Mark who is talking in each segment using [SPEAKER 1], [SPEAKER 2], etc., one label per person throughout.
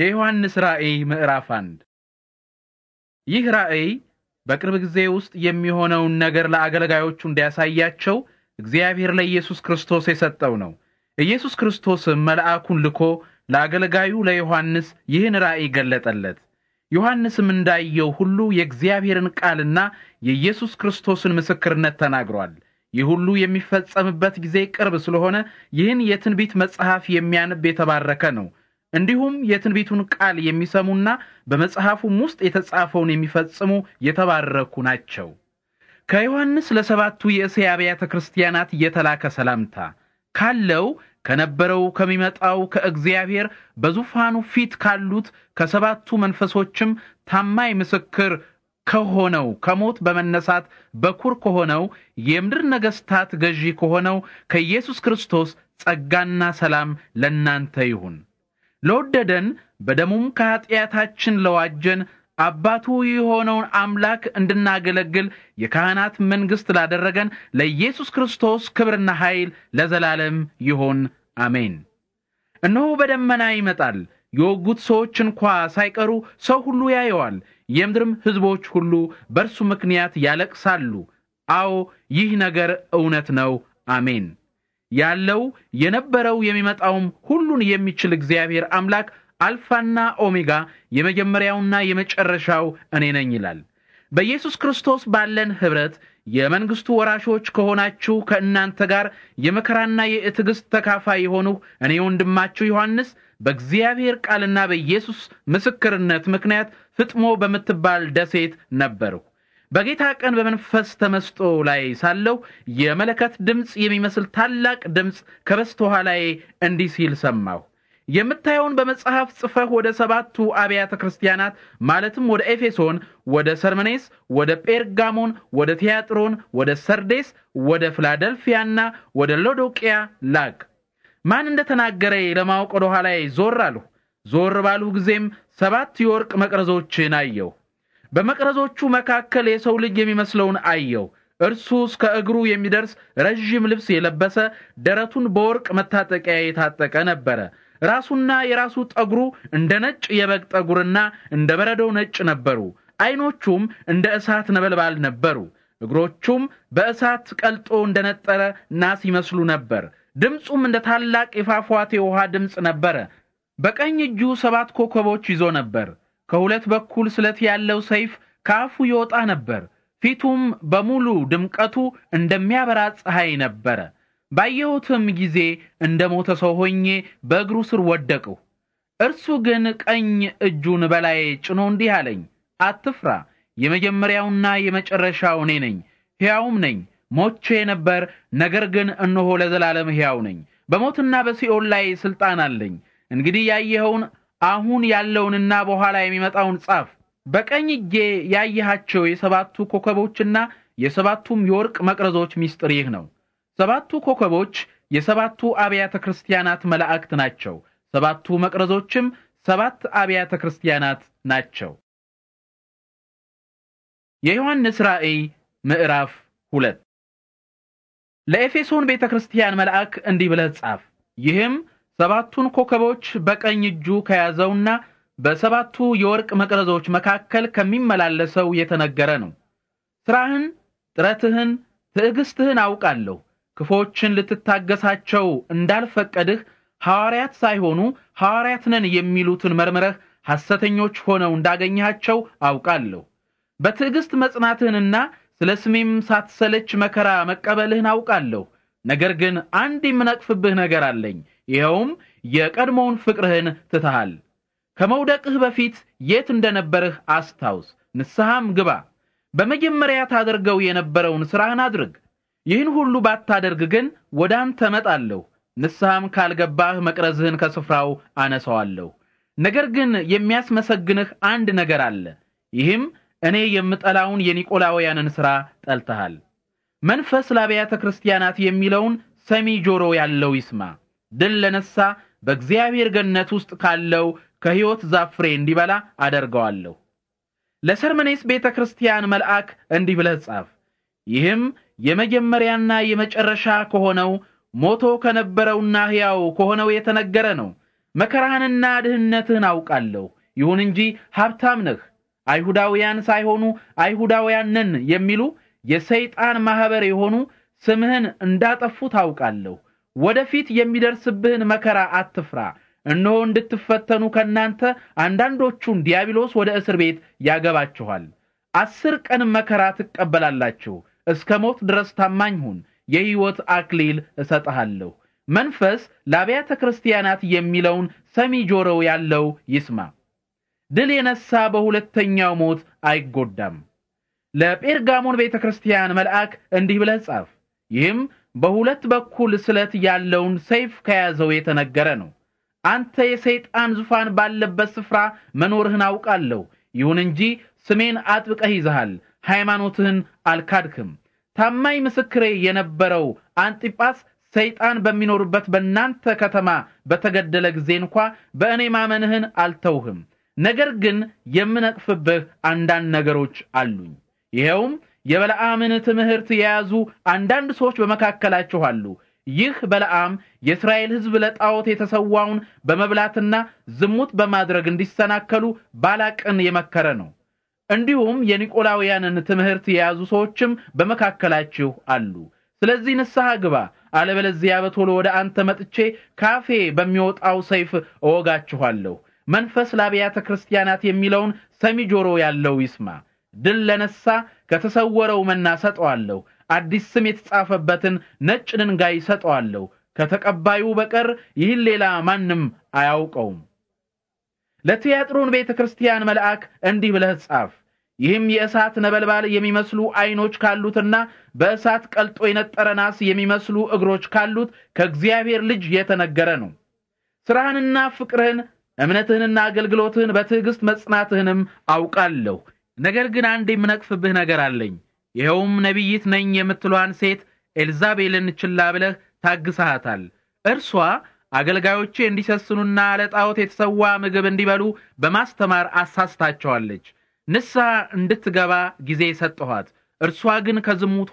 [SPEAKER 1] የዮሐንስ ራእይ ምዕራፍ አንድ ይህ ራእይ በቅርብ ጊዜ ውስጥ የሚሆነውን ነገር ለአገልጋዮቹ እንዲያሳያቸው እግዚአብሔር ለኢየሱስ ክርስቶስ የሰጠው ነው። ኢየሱስ ክርስቶስም መልአኩን ልኮ ለአገልጋዩ ለዮሐንስ ይህን ራእይ ገለጠለት። ዮሐንስም እንዳየው ሁሉ የእግዚአብሔርን ቃልና የኢየሱስ ክርስቶስን ምስክርነት ተናግሯል። ይህ ሁሉ የሚፈጸምበት ጊዜ ቅርብ ስለሆነ ይህን የትንቢት መጽሐፍ የሚያነብ የተባረከ ነው። እንዲሁም የትንቢቱን ቃል የሚሰሙና በመጽሐፉም ውስጥ የተጻፈውን የሚፈጽሙ የተባረኩ ናቸው። ከዮሐንስ ለሰባቱ የእስያ አብያተ ክርስቲያናት የተላከ ሰላምታ ካለው ከነበረው ከሚመጣው ከእግዚአብሔር በዙፋኑ ፊት ካሉት ከሰባቱ መንፈሶችም ታማኝ ምስክር ከሆነው ከሞት በመነሳት በኩር ከሆነው የምድር ነገሥታት ገዢ ከሆነው ከኢየሱስ ክርስቶስ ጸጋና ሰላም ለእናንተ ይሁን። ለወደደን በደሙም ከኀጢአታችን ለዋጀን አባቱ የሆነውን አምላክ እንድናገለግል የካህናት መንግሥት ላደረገን ለኢየሱስ ክርስቶስ ክብርና ኃይል ለዘላለም ይሆን፣ አሜን። እነሆ በደመና ይመጣል፣ የወጉት ሰዎች እንኳ ሳይቀሩ ሰው ሁሉ ያየዋል፣ የምድርም ሕዝቦች ሁሉ በእርሱ ምክንያት ያለቅሳሉ። አዎ ይህ ነገር እውነት ነው፣ አሜን። ያለው የነበረው የሚመጣውም ሁሉን የሚችል እግዚአብሔር አምላክ አልፋና ኦሜጋ የመጀመሪያውና የመጨረሻው እኔ ነኝ ይላል። በኢየሱስ ክርስቶስ ባለን ኅብረት የመንግስቱ ወራሾች ከሆናችሁ ከእናንተ ጋር የመከራና የትዕግሥት ተካፋይ የሆኑ እኔ ወንድማችሁ ዮሐንስ በእግዚአብሔር ቃልና በኢየሱስ ምስክርነት ምክንያት ፍጥሞ በምትባል ደሴት ነበርሁ። በጌታ ቀን በመንፈስ ተመስጦ ላይ ሳለው የመለከት ድምፅ የሚመስል ታላቅ ድምፅ ከበስተኋላዬ እንዲህ ሲል ሰማሁ። የምታየውን በመጽሐፍ ጽፈህ ወደ ሰባቱ አብያተ ክርስቲያናት ማለትም ወደ ኤፌሶን፣ ወደ ሰርመኔስ፣ ወደ ጴርጋሞን፣ ወደ ቲያጥሮን፣ ወደ ሰርዴስ፣ ወደ ፊላደልፊያና ወደ ሎዶቅያ ላክ። ማን እንደተናገረ ለማወቅ ወደ ኋላዬ ዞር አልሁ። ዞር ባልሁ ጊዜም ሰባት የወርቅ መቅረዞችን አየሁ። በመቅረዞቹ መካከል የሰው ልጅ የሚመስለውን አየው። እርሱ እስከ እግሩ የሚደርስ ረዥም ልብስ የለበሰ ደረቱን በወርቅ መታጠቂያ የታጠቀ ነበረ። ራሱና የራሱ ጠጉሩ እንደ ነጭ የበግ ጠጉርና እንደ በረዶው ነጭ ነበሩ። አይኖቹም እንደ እሳት ነበልባል ነበሩ። እግሮቹም በእሳት ቀልጦ እንደነጠረ ናስ ይመስሉ ነበር። ድምፁም እንደ ታላቅ የፏፏቴ ውሃ ድምፅ ነበረ። በቀኝ እጁ ሰባት ኮከቦች ይዞ ነበር። ከሁለት በኩል ስለት ያለው ሰይፍ ከአፉ ይወጣ ነበር። ፊቱም በሙሉ ድምቀቱ እንደሚያበራ ፀሐይ ነበረ። ባየሁትም ጊዜ እንደ ሞተ ሰው ሆኜ በእግሩ ስር ወደቅሁ። እርሱ ግን ቀኝ እጁን በላይ ጭኖ እንዲህ አለኝ፣ አትፍራ፣ የመጀመሪያውና የመጨረሻው እኔ ነኝ። ሕያውም ነኝ፣ ሞቼ ነበር፣ ነገር ግን እነሆ ለዘላለም ሕያው ነኝ። በሞትና በሲኦል ላይ ሥልጣን አለኝ። እንግዲህ ያየኸውን አሁን ያለውንና በኋላ የሚመጣውን ጻፍ። በቀኝ እጄ ያየሃቸው የሰባቱ ኮከቦችና የሰባቱም የወርቅ መቅረዞች ምስጢር ይህ ነው። ሰባቱ ኮከቦች የሰባቱ አብያተ ክርስቲያናት መላእክት ናቸው። ሰባቱ መቅረዞችም
[SPEAKER 2] ሰባት አብያተ ክርስቲያናት ናቸው። የዮሐንስ ራእይ ምዕራፍ ሁለት ለኤፌሶን ቤተ
[SPEAKER 1] ክርስቲያን መልአክ እንዲህ ብለህ ጻፍ ይህም ሰባቱን ኮከቦች በቀኝ እጁ ከያዘውና በሰባቱ የወርቅ መቅረዞች መካከል ከሚመላለሰው የተነገረ ነው። ስራህን፣ ጥረትህን፣ ትዕግስትህን አውቃለሁ። ክፎችን ልትታገሳቸው እንዳልፈቀድህ ሐዋርያት ሳይሆኑ ሐዋርያት ነን የሚሉትን መርምረህ ሐሰተኞች ሆነው እንዳገኘሃቸው አውቃለሁ። በትዕግስት መጽናትህንና ስለ ስሜም ሳትሰለች መከራ መቀበልህን አውቃለሁ። ነገር ግን አንድ የምነቅፍብህ ነገር አለኝ። ይኸውም የቀድሞውን ፍቅርህን ትተሃል። ከመውደቅህ በፊት የት እንደነበርህ አስታውስ፣ ንስሐም ግባ። በመጀመሪያ ታደርገው የነበረውን ሥራህን አድርግ። ይህን ሁሉ ባታደርግ ግን ወደ አንተ እመጣለሁ፣ ንስሐም ካልገባህ መቅረዝህን ከስፍራው አነሰዋለሁ። ነገር ግን የሚያስመሰግንህ አንድ ነገር አለ። ይህም እኔ የምጠላውን የኒቆላውያንን ሥራ ጠልተሃል። መንፈስ ለአብያተ ክርስቲያናት የሚለውን ሰሚ ጆሮ ያለው ይስማ። ድል ለነሳ በእግዚአብሔር ገነት ውስጥ ካለው ከሕይወት ዛፍ ፍሬ እንዲበላ አደርገዋለሁ። ለሰርመኔስ ቤተ ክርስቲያን መልአክ እንዲህ ብለህ ጻፍ። ይህም የመጀመሪያና የመጨረሻ ከሆነው ሞቶ ከነበረውና ሕያው ከሆነው የተነገረ ነው። መከራህንና ድህነትህን አውቃለሁ። ይሁን እንጂ ሀብታም ነህ። አይሁዳውያን ሳይሆኑ አይሁዳውያን ነን የሚሉ የሰይጣን ማኅበር የሆኑ ስምህን እንዳጠፉ ታውቃለሁ። ወደፊት የሚደርስብህን መከራ አትፍራ። እነሆ እንድትፈተኑ ከእናንተ አንዳንዶቹን ዲያብሎስ ወደ እስር ቤት ያገባችኋል። አስር ቀን መከራ ትቀበላላችሁ። እስከ ሞት ድረስ ታማኝ ሁን፣ የሕይወት አክሊል እሰጥሃለሁ። መንፈስ ለአብያተ ክርስቲያናት የሚለውን ሰሚ ጆሮ ያለው ይስማ። ድል የነሳ በሁለተኛው ሞት አይጎዳም። ለጴርጋሞን ቤተ ክርስቲያን መልአክ እንዲህ ብለህ ጻፍ። ይህም በሁለት በኩል ስለት ያለውን ሰይፍ ከያዘው የተነገረ ነው። አንተ የሰይጣን ዙፋን ባለበት ስፍራ መኖርህን አውቃለሁ። ይሁን እንጂ ስሜን አጥብቀህ ይዘሃል፣ ሃይማኖትህን አልካድክም። ታማኝ ምስክሬ የነበረው አንጢጳስ ሰይጣን በሚኖርበት በእናንተ ከተማ በተገደለ ጊዜ እንኳ በእኔ ማመንህን አልተውህም። ነገር ግን የምነቅፍብህ አንዳንድ ነገሮች አሉኝ። ይኸውም የበለዓምን ትምህርት የያዙ አንዳንድ ሰዎች በመካከላችሁ አሉ። ይህ በለዓም የእስራኤል ሕዝብ ለጣዖት የተሰዋውን በመብላትና ዝሙት በማድረግ እንዲሰናከሉ ባላቅን የመከረ ነው። እንዲሁም የኒቆላውያንን ትምህርት የያዙ ሰዎችም በመካከላችሁ አሉ። ስለዚህ ንስሐ ግባ፣ አለበለዚያ በቶሎ ወደ አንተ መጥቼ ካፌ በሚወጣው ሰይፍ እወጋችኋለሁ። መንፈስ ለአብያተ ክርስቲያናት የሚለውን ሰሚ ጆሮ ያለው ይስማ። ድል ለነሳ ከተሰወረው መና ሰጠዋለሁ። አዲስ ስም የተጻፈበትን ነጭ ድንጋይ ሰጠዋለሁ። ከተቀባዩ በቀር ይህን ሌላ ማንም አያውቀውም። ለትያጥሩን ቤተ ክርስቲያን መልአክ እንዲህ ብለህ ጻፍ። ይህም የእሳት ነበልባል የሚመስሉ አይኖች ካሉትና በእሳት ቀልጦ የነጠረ ናስ የሚመስሉ እግሮች ካሉት ከእግዚአብሔር ልጅ የተነገረ ነው። ሥራህንና ፍቅርህን እምነትህንና አገልግሎትህን በትዕግሥት መጽናትህንም አውቃለሁ። ነገር ግን አንድ የምነቅፍብህ ነገር አለኝ። ይኸውም ነቢይት ነኝ የምትሏን ሴት ኤልዛቤልን ችላ ብለህ ታግሰሃታል። እርሷ አገልጋዮቼ እንዲሰስኑና ለጣዖት የተሰዋ ምግብ እንዲበሉ በማስተማር አሳስታቸዋለች። ንስሐ እንድትገባ ጊዜ ሰጠኋት። እርሷ ግን ከዝሙቷ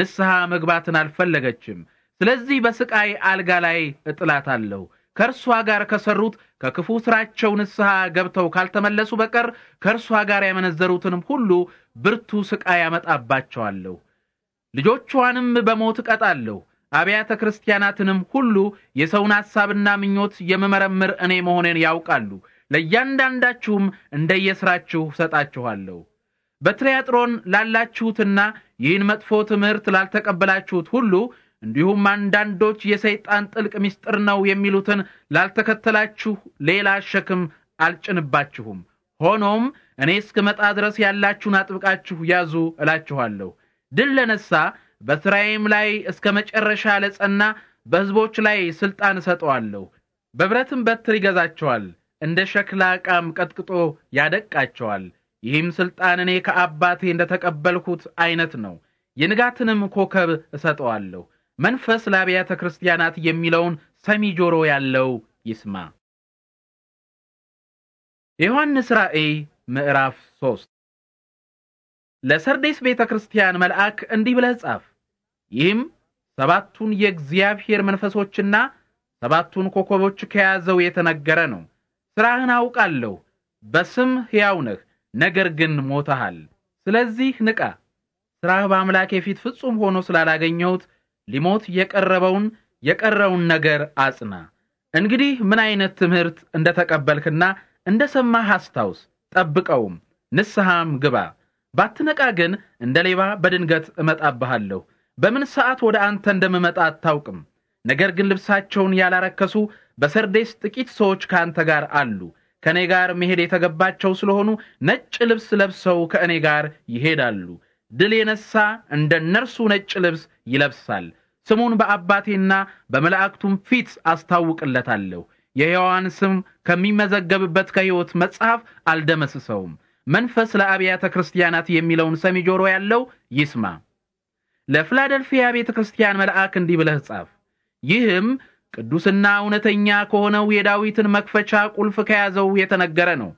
[SPEAKER 1] ንስሐ መግባትን አልፈለገችም። ስለዚህ በስቃይ አልጋ ላይ እጥላታለሁ። ከእርሷ ጋር ከሰሩት ከክፉ ሥራቸው ንስሐ ገብተው ካልተመለሱ በቀር ከእርሷ ጋር ያመነዘሩትንም ሁሉ ብርቱ ሥቃይ ያመጣባቸዋለሁ። ልጆቿንም በሞት እቀጣለሁ። አብያተ ክርስቲያናትንም ሁሉ የሰውን ሐሳብና ምኞት የምመረምር እኔ መሆኔን ያውቃሉ። ለእያንዳንዳችሁም እንደየሥራችሁ ሰጣችኋለሁ። በትሪያጥሮን ላላችሁትና ይህን መጥፎ ትምህርት ላልተቀበላችሁት ሁሉ እንዲሁም አንዳንዶች የሰይጣን ጥልቅ ምስጢር ነው የሚሉትን ላልተከተላችሁ ሌላ ሸክም አልጭንባችሁም። ሆኖም እኔ እስክመጣ ድረስ ያላችሁን አጥብቃችሁ ያዙ እላችኋለሁ። ድል ለነሳ በስራዬም ላይ እስከ መጨረሻ ለጸና በሕዝቦች ላይ ሥልጣን እሰጠዋለሁ። በብረትም በትር ይገዛቸዋል፣ እንደ ሸክላ ዕቃም ቀጥቅጦ ያደቃቸዋል። ይህም ሥልጣን እኔ ከአባቴ እንደ ተቀበልሁት ዐይነት ነው። የንጋትንም ኮከብ እሰጠዋለሁ። መንፈስ ለአብያተ
[SPEAKER 2] ክርስቲያናት የሚለውን ሰሚ ጆሮ ያለው ይስማ። የዮሐንስ ራእይ ምዕራፍ ሶስት ለሰርዴስ
[SPEAKER 1] ቤተ ክርስቲያን መልአክ እንዲህ ብለህ ጻፍ፣ ይህም ሰባቱን የእግዚአብሔር መንፈሶችና ሰባቱን ኮከቦች ከያዘው የተነገረ ነው። ሥራህን አውቃለሁ። በስም ሕያው ነህ፣ ነገር ግን ሞተሃል። ስለዚህ ንቃ፣ ሥራህ በአምላኬ ፊት ፍጹም ሆኖ ስላላገኘሁት ሊሞት የቀረበውን የቀረውን ነገር አጽና። እንግዲህ ምን አይነት ትምህርት እንደተቀበልክና እንደሰማህ አስታውስ፣ ጠብቀውም ንስሐም ግባ። ባትነቃ ግን እንደ ሌባ በድንገት እመጣብሃለሁ። በምን ሰዓት ወደ አንተ እንደምመጣ አታውቅም። ነገር ግን ልብሳቸውን ያላረከሱ በሰርዴስ ጥቂት ሰዎች ከአንተ ጋር አሉ። ከእኔ ጋር መሄድ የተገባቸው ስለሆኑ ነጭ ልብስ ለብሰው ከእኔ ጋር ይሄዳሉ። ድል የነሳ እንደ እነርሱ ነጭ ልብስ ይለብሳል። ስሙን በአባቴና በመላእክቱም ፊት አስታውቅለታለሁ። የሕያዋን ስም ከሚመዘገብበት ከሕይወት መጽሐፍ አልደመስሰውም። መንፈስ ለአብያተ ክርስቲያናት የሚለውን ሰሚ ጆሮ ያለው ይስማ። ለፊላደልፊያ ቤተ ክርስቲያን መልአክ እንዲህ ብለህ ጻፍ። ይህም ቅዱስና እውነተኛ ከሆነው የዳዊትን መክፈቻ ቁልፍ ከያዘው የተነገረ ነው።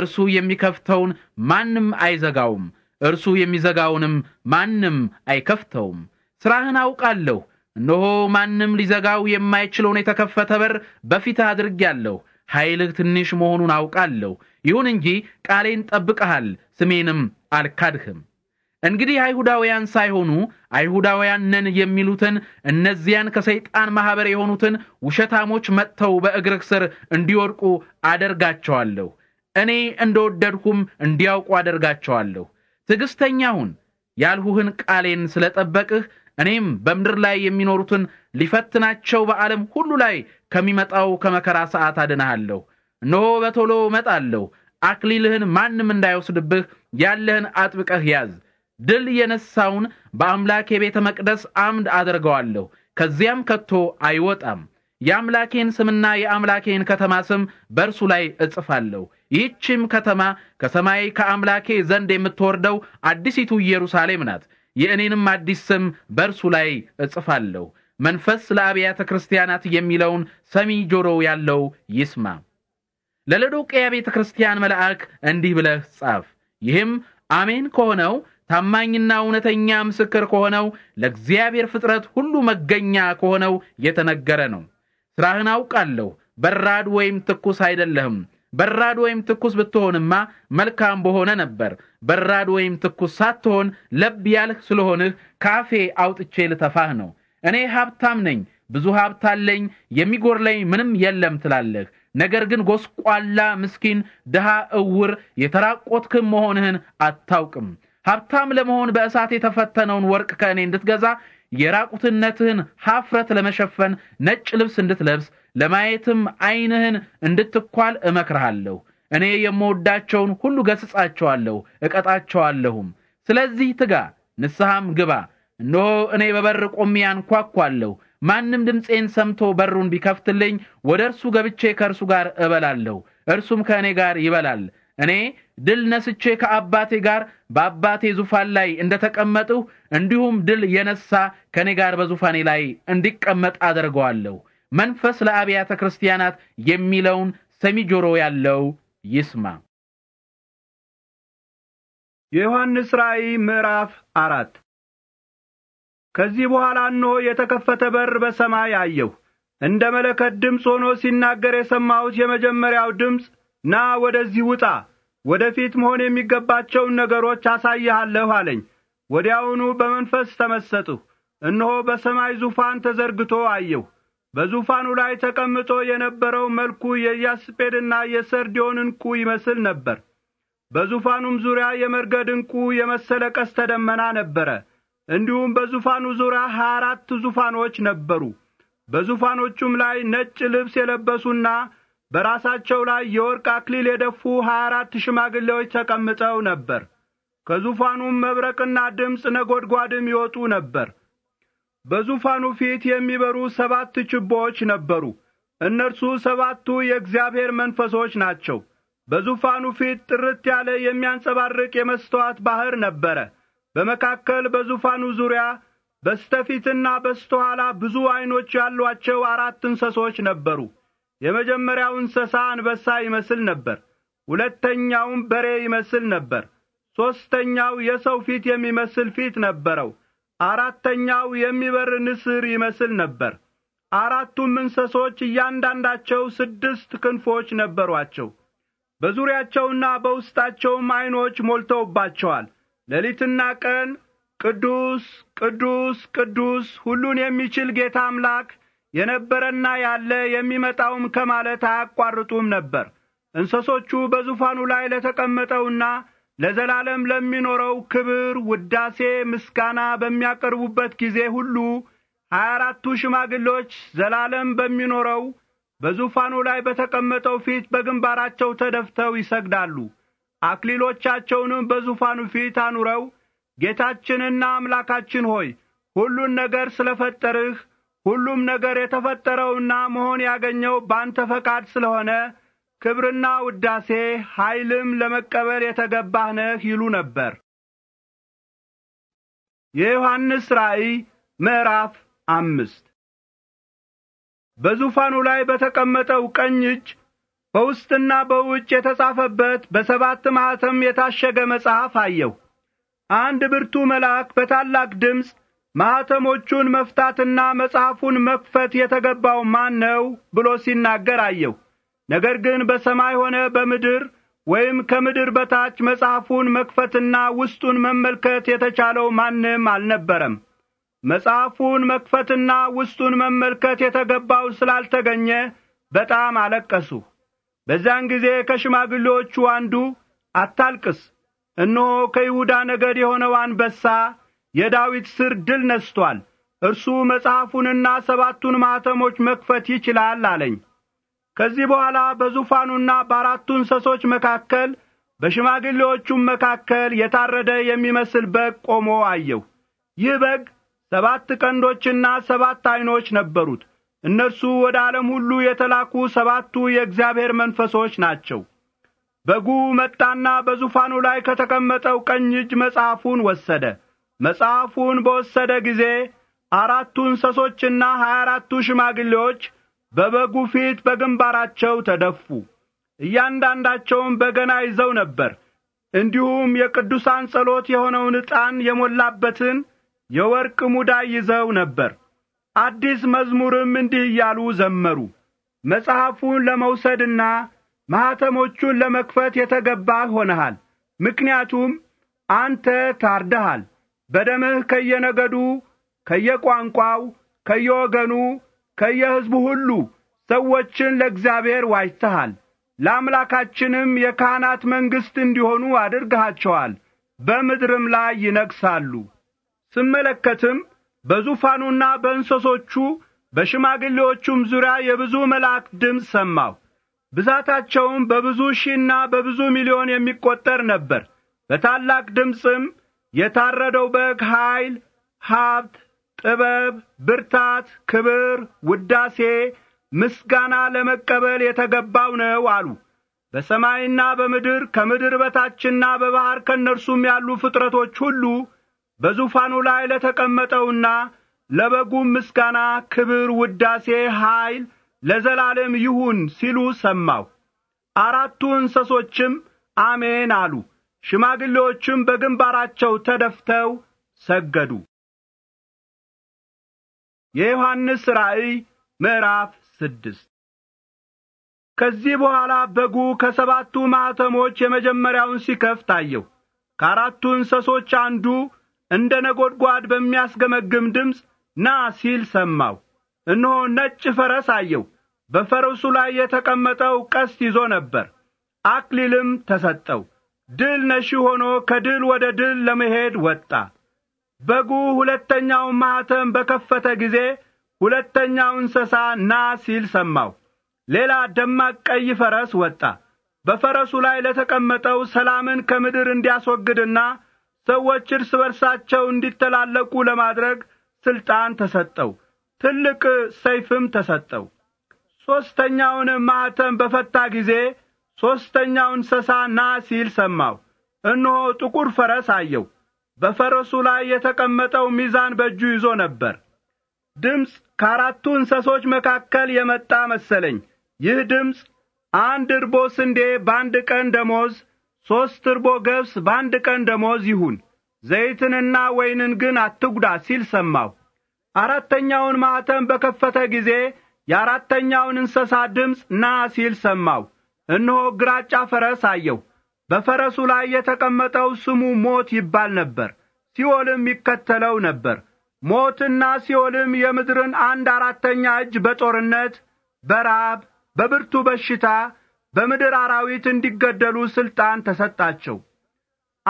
[SPEAKER 1] እርሱ የሚከፍተውን ማንም አይዘጋውም። እርሱ የሚዘጋውንም ማንም አይከፍተውም። ሥራህን አውቃለሁ። እነሆ ማንም ሊዘጋው የማይችለውን የተከፈተ በር በፊትህ አድርጌያለሁ። ኃይልህ ትንሽ መሆኑን አውቃለሁ። ይሁን እንጂ ቃሌን ጠብቀሃል፣ ስሜንም አልካድህም። እንግዲህ አይሁዳውያን ሳይሆኑ አይሁዳውያን ነን የሚሉትን እነዚያን ከሰይጣን ማኅበር የሆኑትን ውሸታሞች መጥተው በእግርህ ስር እንዲወድቁ አደርጋቸዋለሁ። እኔ እንደወደድኩም እንዲያውቁ አደርጋቸዋለሁ። ትዕግስተኛ ያልሁህን ቃሌን ስለጠበቅህ እኔም በምድር ላይ የሚኖሩትን ሊፈትናቸው በዓለም ሁሉ ላይ ከሚመጣው ከመከራ ሰዓት አድናሃለሁ። እነሆ በቶሎ እመጣለሁ። አክሊልህን ማንም እንዳይወስድብህ ያለህን አጥብቀህ ያዝ። ድል የነሳውን በአምላኬ ቤተ መቅደስ አምድ አደርገዋለሁ፣ ከዚያም ከቶ አይወጣም። የአምላኬን ስምና የአምላኬን ከተማ ስም በእርሱ ላይ እጽፋለሁ። ይህችም ከተማ ከሰማይ ከአምላኬ ዘንድ የምትወርደው አዲሲቱ ኢየሩሳሌም ናት። የእኔንም አዲስ ስም በእርሱ ላይ እጽፋለሁ። መንፈስ ለአብያተ ክርስቲያናት የሚለውን ሰሚ ጆሮ ያለው ይስማ። ለሎዶቅያ ቤተ ክርስቲያን መልአክ እንዲህ ብለህ ጻፍ። ይህም አሜን ከሆነው ታማኝና እውነተኛ ምስክር ከሆነው ለእግዚአብሔር ፍጥረት ሁሉ መገኛ ከሆነው የተነገረ ነው። ሥራህን አውቃለሁ። በራድ ወይም ትኩስ አይደለህም። በራድ ወይም ትኩስ ብትሆንማ መልካም በሆነ ነበር። በራድ ወይም ትኩስ ሳትሆን ለብ ያልህ ስለሆንህ ካፌ አውጥቼ ልተፋህ ነው። እኔ ሀብታም ነኝ፣ ብዙ ሀብት አለኝ፣ የሚጎርለኝ ምንም የለም ትላለህ። ነገር ግን ጎስቋላ፣ ምስኪን፣ ድሃ፣ እውር የተራቆትክም መሆንህን አታውቅም። ሀብታም ለመሆን በእሳት የተፈተነውን ወርቅ ከእኔ እንድትገዛ የራቁትነትህን ሀፍረት ለመሸፈን ነጭ ልብስ እንድትለብስ ለማየትም ዐይንህን እንድትኳል እመክርሃለሁ። እኔ የምወዳቸውን ሁሉ ገሥጻቸዋለሁ እቀጣቸዋለሁም። ስለዚህ ትጋ፣ ንስሐም ግባ። እነሆ እኔ በበር ቆሜ አንኳኳለሁ። ማንም ድምፄን ሰምቶ በሩን ቢከፍትልኝ ወደ እርሱ ገብቼ ከእርሱ ጋር እበላለሁ፣ እርሱም ከእኔ ጋር ይበላል። እኔ ድል ነስቼ ከአባቴ ጋር በአባቴ ዙፋን ላይ ተቀመጥሁ እንዲሁም ድል የነሳ ከእኔ ጋር በዙፋኔ ላይ እንዲቀመጥ አደርገዋለሁ። መንፈስ ለአብያተ ክርስቲያናት የሚለውን ሰሚ ጆሮ ያለው
[SPEAKER 3] ይስማ። የዮሐንስ ራእይ ምዕራፍ አራት ከዚህ በኋላ እነሆ የተከፈተ በር በሰማይ አየሁ። እንደ መለከት ድምፅ ሆኖ ሲናገር የሰማሁት የመጀመሪያው ድምፅ ና ወደዚህ ውጣ፣ ወደፊት መሆን የሚገባቸውን ነገሮች አሳይሃለሁ አለኝ። ወዲያውኑ በመንፈስ ተመሰጥሁ። እነሆ በሰማይ ዙፋን ተዘርግቶ አየሁ። በዙፋኑ ላይ ተቀምጦ የነበረው መልኩ የያስጴድና የሰርዲዮን እንቁ ይመስል ነበር። በዙፋኑም ዙሪያ የመርገድ እንቁ የመሰለ ቀስተ ደመና ነበረ። እንዲሁም በዙፋኑ ዙሪያ ሀያ አራት ዙፋኖች ነበሩ። በዙፋኖቹም ላይ ነጭ ልብስ የለበሱና በራሳቸው ላይ የወርቅ አክሊል የደፉ ሀያ አራት ሽማግሌዎች ተቀምጠው ነበር። ከዙፋኑም መብረቅና ድምፅ ነጎድጓድም ይወጡ ነበር። በዙፋኑ ፊት የሚበሩ ሰባት ችቦዎች ነበሩ። እነርሱ ሰባቱ የእግዚአብሔር መንፈሶች ናቸው። በዙፋኑ ፊት ጥርት ያለ የሚያንጸባርቅ የመስተዋት ባሕር ነበረ። በመካከል በዙፋኑ ዙሪያ በስተፊትና በስተኋላ ብዙ ዐይኖች ያሏቸው አራት እንሰሶች ነበሩ። የመጀመሪያው እንስሳ አንበሳ ይመስል ነበር። ሁለተኛውም በሬ ይመስል ነበር። ሦስተኛው የሰው ፊት የሚመስል ፊት ነበረው። አራተኛው የሚበር ንስር ይመስል ነበር። አራቱም እንስሶች እያንዳንዳቸው ስድስት ክንፎች ነበሯቸው። በዙሪያቸውና በውስጣቸውም ዐይኖች ሞልተውባቸዋል። ሌሊትና ቀን ቅዱስ ቅዱስ ቅዱስ ሁሉን የሚችል ጌታ አምላክ የነበረና ያለ የሚመጣውም ከማለት አያቋርጡም ነበር። እንስሶቹ በዙፋኑ ላይ ለተቀመጠውና ለዘላለም ለሚኖረው ክብር ውዳሴ ምስጋና በሚያቀርቡበት ጊዜ ሁሉ ሀያ አራቱ ሽማግሎች ዘላለም በሚኖረው በዙፋኑ ላይ በተቀመጠው ፊት በግንባራቸው ተደፍተው ይሰግዳሉ። አክሊሎቻቸውንም በዙፋኑ ፊት አኑረው ጌታችንና አምላካችን ሆይ ሁሉን ነገር ስለ ፈጠርህ ሁሉም ነገር የተፈጠረውና መሆን ያገኘው ባንተ ፈቃድ ስለሆነ ክብርና ውዳሴ ኃይልም ለመቀበል የተገባህ ነህ ይሉ ነበር። የዮሐንስ ራእይ ምዕራፍ አምስት በዙፋኑ ላይ በተቀመጠው ቀኝ እጅ በውስጥና በውጭ የተጻፈበት በሰባት ማኅተም የታሸገ መጽሐፍ አየሁ። አንድ ብርቱ መልአክ በታላቅ ድምፅ ማኅተሞቹን መፍታትና መጽሐፉን መክፈት የተገባው ማን ነው ብሎ ሲናገር አየሁ። ነገር ግን በሰማይ ሆነ በምድር ወይም ከምድር በታች መጽሐፉን መክፈትና ውስጡን መመልከት የተቻለው ማንም አልነበረም። መጽሐፉን መክፈትና ውስጡን መመልከት የተገባው ስላልተገኘ በጣም አለቀሱ። በዚያን ጊዜ ከሽማግሌዎቹ አንዱ አታልቅስ፣ እነሆ ከይሁዳ ነገድ የሆነው አንበሳ የዳዊት ስር ድል ነስቶአል፣ እርሱ መጽሐፉንና ሰባቱን ማኅተሞች መክፈት ይችላል አለኝ። ከዚህ በኋላ በዙፋኑና በአራቱ እንስሶች መካከል በሽማግሌዎቹም መካከል የታረደ የሚመስል በግ ቆሞ አየሁ። ይህ በግ ሰባት ቀንዶችና ሰባት ዐይኖች ነበሩት። እነርሱ ወደ ዓለም ሁሉ የተላኩ ሰባቱ የእግዚአብሔር መንፈሶች ናቸው። በጉ መጣና በዙፋኑ ላይ ከተቀመጠው ቀኝ እጅ መጽሐፉን ወሰደ። መጽሐፉን በወሰደ ጊዜ አራቱ እንስሶችና ሀያ አራቱ ሽማግሌዎች በበጉ ፊት በግንባራቸው ተደፉ። እያንዳንዳቸውም በገና ይዘው ነበር። እንዲሁም የቅዱሳን ጸሎት የሆነውን ዕጣን የሞላበትን የወርቅ ሙዳይ ይዘው ነበር። አዲስ መዝሙርም እንዲህ እያሉ ዘመሩ። መጽሐፉን ለመውሰድና ማኅተሞቹን ለመክፈት የተገባህ ሆነሃል። ምክንያቱም አንተ ታርደሃል። በደምህ ከየነገዱ፣ ከየቋንቋው፣ ከየወገኑ ከየሕዝቡ ሁሉ ሰዎችን ለእግዚአብሔር ዋጅተሃል፣ ለአምላካችንም የካህናት መንግሥት እንዲሆኑ አድርግሃቸዋል፣ በምድርም ላይ ይነግሣሉ። ስመለከትም በዙፋኑና በእንስሶቹ በሽማግሌዎቹም ዙሪያ የብዙ መልአክ ድምፅ ሰማሁ። ብዛታቸውም በብዙ ሺና በብዙ ሚሊዮን የሚቈጠር ነበር። በታላቅ ድምፅም የታረደው በግ ኀይል፣ ሀብት፣ ጥበብ፣ ብርታት፣ ክብር፣ ውዳሴ፣ ምስጋና ለመቀበል የተገባው ነው አሉ። በሰማይና በምድር ከምድር በታችና በባሕር ከእነርሱም ያሉ ፍጥረቶች ሁሉ በዙፋኑ ላይ ለተቀመጠውና ለበጉም ምስጋና፣ ክብር፣ ውዳሴ፣ ኀይል ለዘላለም ይሁን ሲሉ ሰማሁ። አራቱ እንስሶችም አሜን አሉ። ሽማግሌዎችም በግንባራቸው ተደፍተው ሰገዱ። የዮሐንስ ራእይ ምዕራፍ ስድስት ከዚህ በኋላ በጉ ከሰባቱ ማኅተሞች የመጀመሪያውን ሲከፍት አየሁ። ከአራቱ እንስሶች አንዱ እንደ ነጎድጓድ በሚያስገመግም ድምፅ ና ሲል ሰማሁ። እነሆ ነጭ ፈረስ አየሁ። በፈረሱ ላይ የተቀመጠው ቀስት ይዞ ነበር፣ አክሊልም ተሰጠው። ድል ነሺ ሆኖ ከድል ወደ ድል ለመሄድ ወጣ። በጉ ሁለተኛውን ማኅተም በከፈተ ጊዜ ሁለተኛው እንስሳ ና ሲል ሰማሁ። ሌላ ደማቅ ቀይ ፈረስ ወጣ። በፈረሱ ላይ ለተቀመጠው ሰላምን ከምድር እንዲያስወግድና ሰዎች እርስ በርሳቸው እንዲተላለቁ ለማድረግ ሥልጣን ተሰጠው። ትልቅ ሰይፍም ተሰጠው። ሦስተኛውን ማኅተም በፈታ ጊዜ ሦስተኛው እንስሳ ና ሲል ሰማሁ። እነሆ ጥቁር ፈረስ አየው። በፈረሱ ላይ የተቀመጠው ሚዛን በእጁ ይዞ ነበር። ድምፅ ከአራቱ እንሰሶች መካከል የመጣ መሰለኝ። ይህ ድምፅ አንድ እርቦ ስንዴ በአንድ ቀን ደሞዝ፣ ሦስት እርቦ ገብስ በአንድ ቀን ደሞዝ ይሁን፣ ዘይትንና ወይንን ግን አትጉዳ ሲል ሰማሁ። አራተኛውን ማኅተም በከፈተ ጊዜ የአራተኛውን እንስሳ ድምፅ ና ሲል ሰማሁ። እነሆ ግራጫ ፈረስ አየሁ። በፈረሱ ላይ የተቀመጠው ስሙ ሞት ይባል ነበር፣ ሲኦልም ይከተለው ነበር። ሞትና ሲኦልም የምድርን አንድ አራተኛ እጅ በጦርነት በራብ በብርቱ በሽታ በምድር አራዊት እንዲገደሉ ሥልጣን ተሰጣቸው።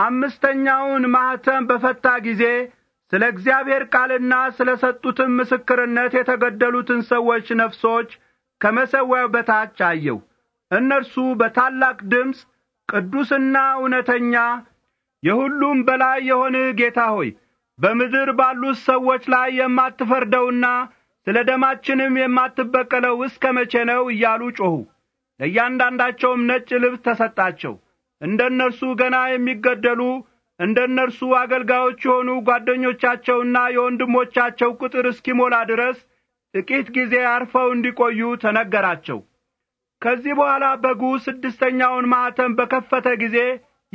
[SPEAKER 3] አምስተኛውን ማኅተም በፈታ ጊዜ ስለ እግዚአብሔር ቃልና ስለ ሰጡትም ምስክርነት የተገደሉትን ሰዎች ነፍሶች ከመሠዊያው በታች አየው። እነርሱ በታላቅ ድምፅ ቅዱስና እውነተኛ የሁሉም በላይ የሆንህ ጌታ ሆይ በምድር ባሉት ሰዎች ላይ የማትፈርደውና ስለ ደማችንም የማትበቀለው እስከ መቼ ነው እያሉ ጮኹ። ለእያንዳንዳቸውም ነጭ ልብስ ተሰጣቸው። እንደ እነርሱ ገና የሚገደሉ እንደ እነርሱ አገልጋዮች የሆኑ ጓደኞቻቸውና የወንድሞቻቸው ቁጥር እስኪሞላ ድረስ ጥቂት ጊዜ አርፈው እንዲቆዩ ተነገራቸው። ከዚህ በኋላ በጉ ስድስተኛውን ማኅተም በከፈተ ጊዜ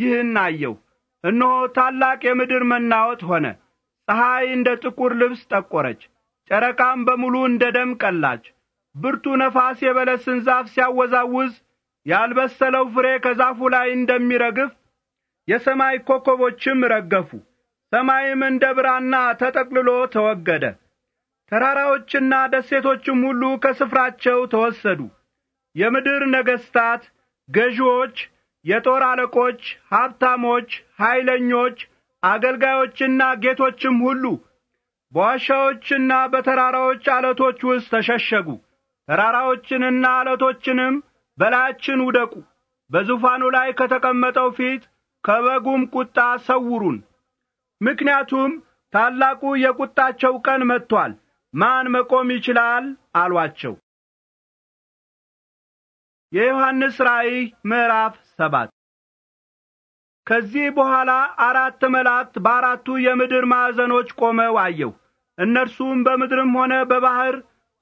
[SPEAKER 3] ይህን አየው እነሆ ታላቅ የምድር መናወጥ ሆነ ፀሐይ እንደ ጥቁር ልብስ ጠቈረች ጨረቃም በሙሉ እንደ ደም ቀላች ብርቱ ነፋስ የበለስን ዛፍ ሲያወዛውዝ ያልበሰለው ፍሬ ከዛፉ ላይ እንደሚረግፍ የሰማይ ኮከቦችም ረገፉ ሰማይም እንደ ብራና ተጠቅልሎ ተወገደ ተራራዎችና ደሴቶችም ሁሉ ከስፍራቸው ተወሰዱ የምድር ነገሥታት፣ ገዢዎች፣ የጦር አለቆች፣ ሀብታሞች፣ ኃይለኞች፣ አገልጋዮችና ጌቶችም ሁሉ በዋሻዎችና በተራራዎች አለቶች ውስጥ ተሸሸጉ። ተራራዎችንና አለቶችንም በላያችን ውደቁ። በዙፋኑ ላይ ከተቀመጠው ፊት ከበጉም ቁጣ ሰውሩን። ምክንያቱም ታላቁ የቁጣቸው ቀን መጥቶአል። ማን መቆም ይችላል? አሏቸው። የዮሐንስ ራእይ ምዕራፍ ሰባት ከዚህ በኋላ አራት መላእክት በአራቱ የምድር ማዕዘኖች ቆመው አየሁ። እነርሱም በምድርም ሆነ በባህር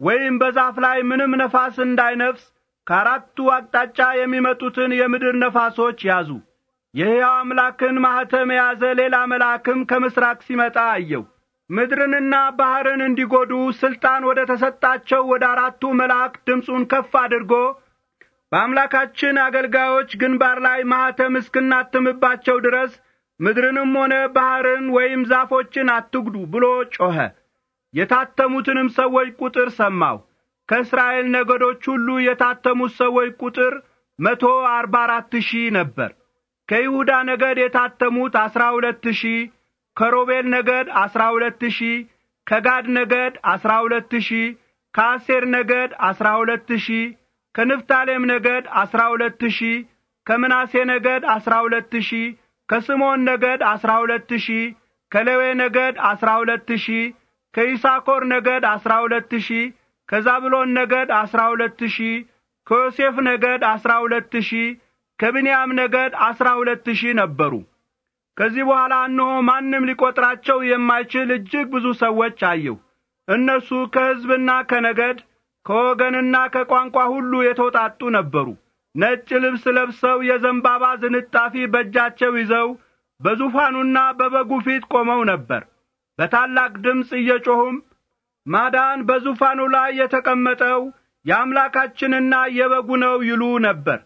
[SPEAKER 3] ወይም በዛፍ ላይ ምንም ነፋስ እንዳይነፍስ ከአራቱ አቅጣጫ የሚመጡትን የምድር ነፋሶች ያዙ። የሕያው አምላክን ማኅተም የያዘ ሌላ መልአክም ከምሥራቅ ሲመጣ አየው። ምድርንና ባሕርን እንዲጐዱ ሥልጣን ወደ ተሰጣቸው ወደ አራቱ መልአክ ድምፁን ከፍ አድርጎ በአምላካችን አገልጋዮች ግንባር ላይ ማኅተም እስክናትምባቸው ድረስ ምድርንም ሆነ ባሕርን ወይም ዛፎችን አትጉዱ ብሎ ጮኸ። የታተሙትንም ሰዎች ቁጥር ሰማሁ። ከእስራኤል ነገዶች ሁሉ የታተሙት ሰዎች ቁጥር መቶ አርባ አራት ሺህ ነበር። ከይሁዳ ነገድ የታተሙት አሥራ ሁለት ሺህ፣ ከሮቤል ነገድ አሥራ ሁለት ሺህ፣ ከጋድ ነገድ አሥራ ሁለት ሺህ፣ ከአሴር ነገድ አሥራ ሁለት ሺህ ከንፍታሌም ነገድ አስራ ሁለት ሺህ ከምናሴ ነገድ አስራ ሁለት ሺህ ከስምዖን ነገድ አስራ ሁለት ሺህ ከሌዌ ነገድ አስራ ሁለት ሺህ ከይሳኮር ነገድ አስራ ሁለት ሺህ ከዛብሎን ነገድ አስራ ሁለት ሺህ ከዮሴፍ ነገድ አስራ ሁለት ሺህ ከብንያም ነገድ አስራ ሁለት ሺህ ነበሩ። ከዚህ በኋላ እነሆ ማንም ሊቈጥራቸው የማይችል እጅግ ብዙ ሰዎች አየሁ። እነሱ ከሕዝብና ከነገድ ከወገንና ከቋንቋ ሁሉ የተውጣጡ ነበሩ። ነጭ ልብስ ለብሰው የዘንባባ ዝንጣፊ በእጃቸው ይዘው በዙፋኑና በበጉ ፊት ቆመው ነበር። በታላቅ ድምፅ እየጮኹም ማዳን በዙፋኑ ላይ የተቀመጠው የአምላካችንና የበጉ ነው ይሉ ነበር።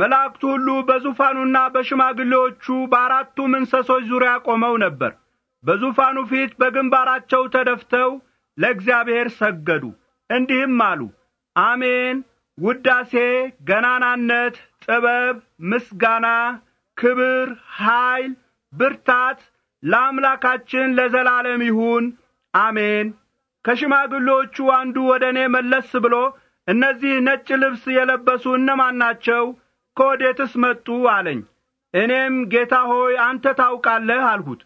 [SPEAKER 3] መላእክቱ ሁሉ በዙፋኑና በሽማግሌዎቹ በአራቱም እንሰሶች ዙሪያ ቆመው ነበር። በዙፋኑ ፊት በግንባራቸው ተደፍተው ለእግዚአብሔር ሰገዱ። እንዲህም አሉ አሜን ውዳሴ ገናናነት ጥበብ ምስጋና ክብር ኀይል ብርታት ለአምላካችን ለዘላለም ይሁን አሜን ከሽማግሎቹ አንዱ ወደ እኔ መለስ ብሎ እነዚህ ነጭ ልብስ የለበሱ እነማን ናቸው ከወዴትስ መጡ አለኝ እኔም ጌታ ሆይ አንተ ታውቃለህ አልሁት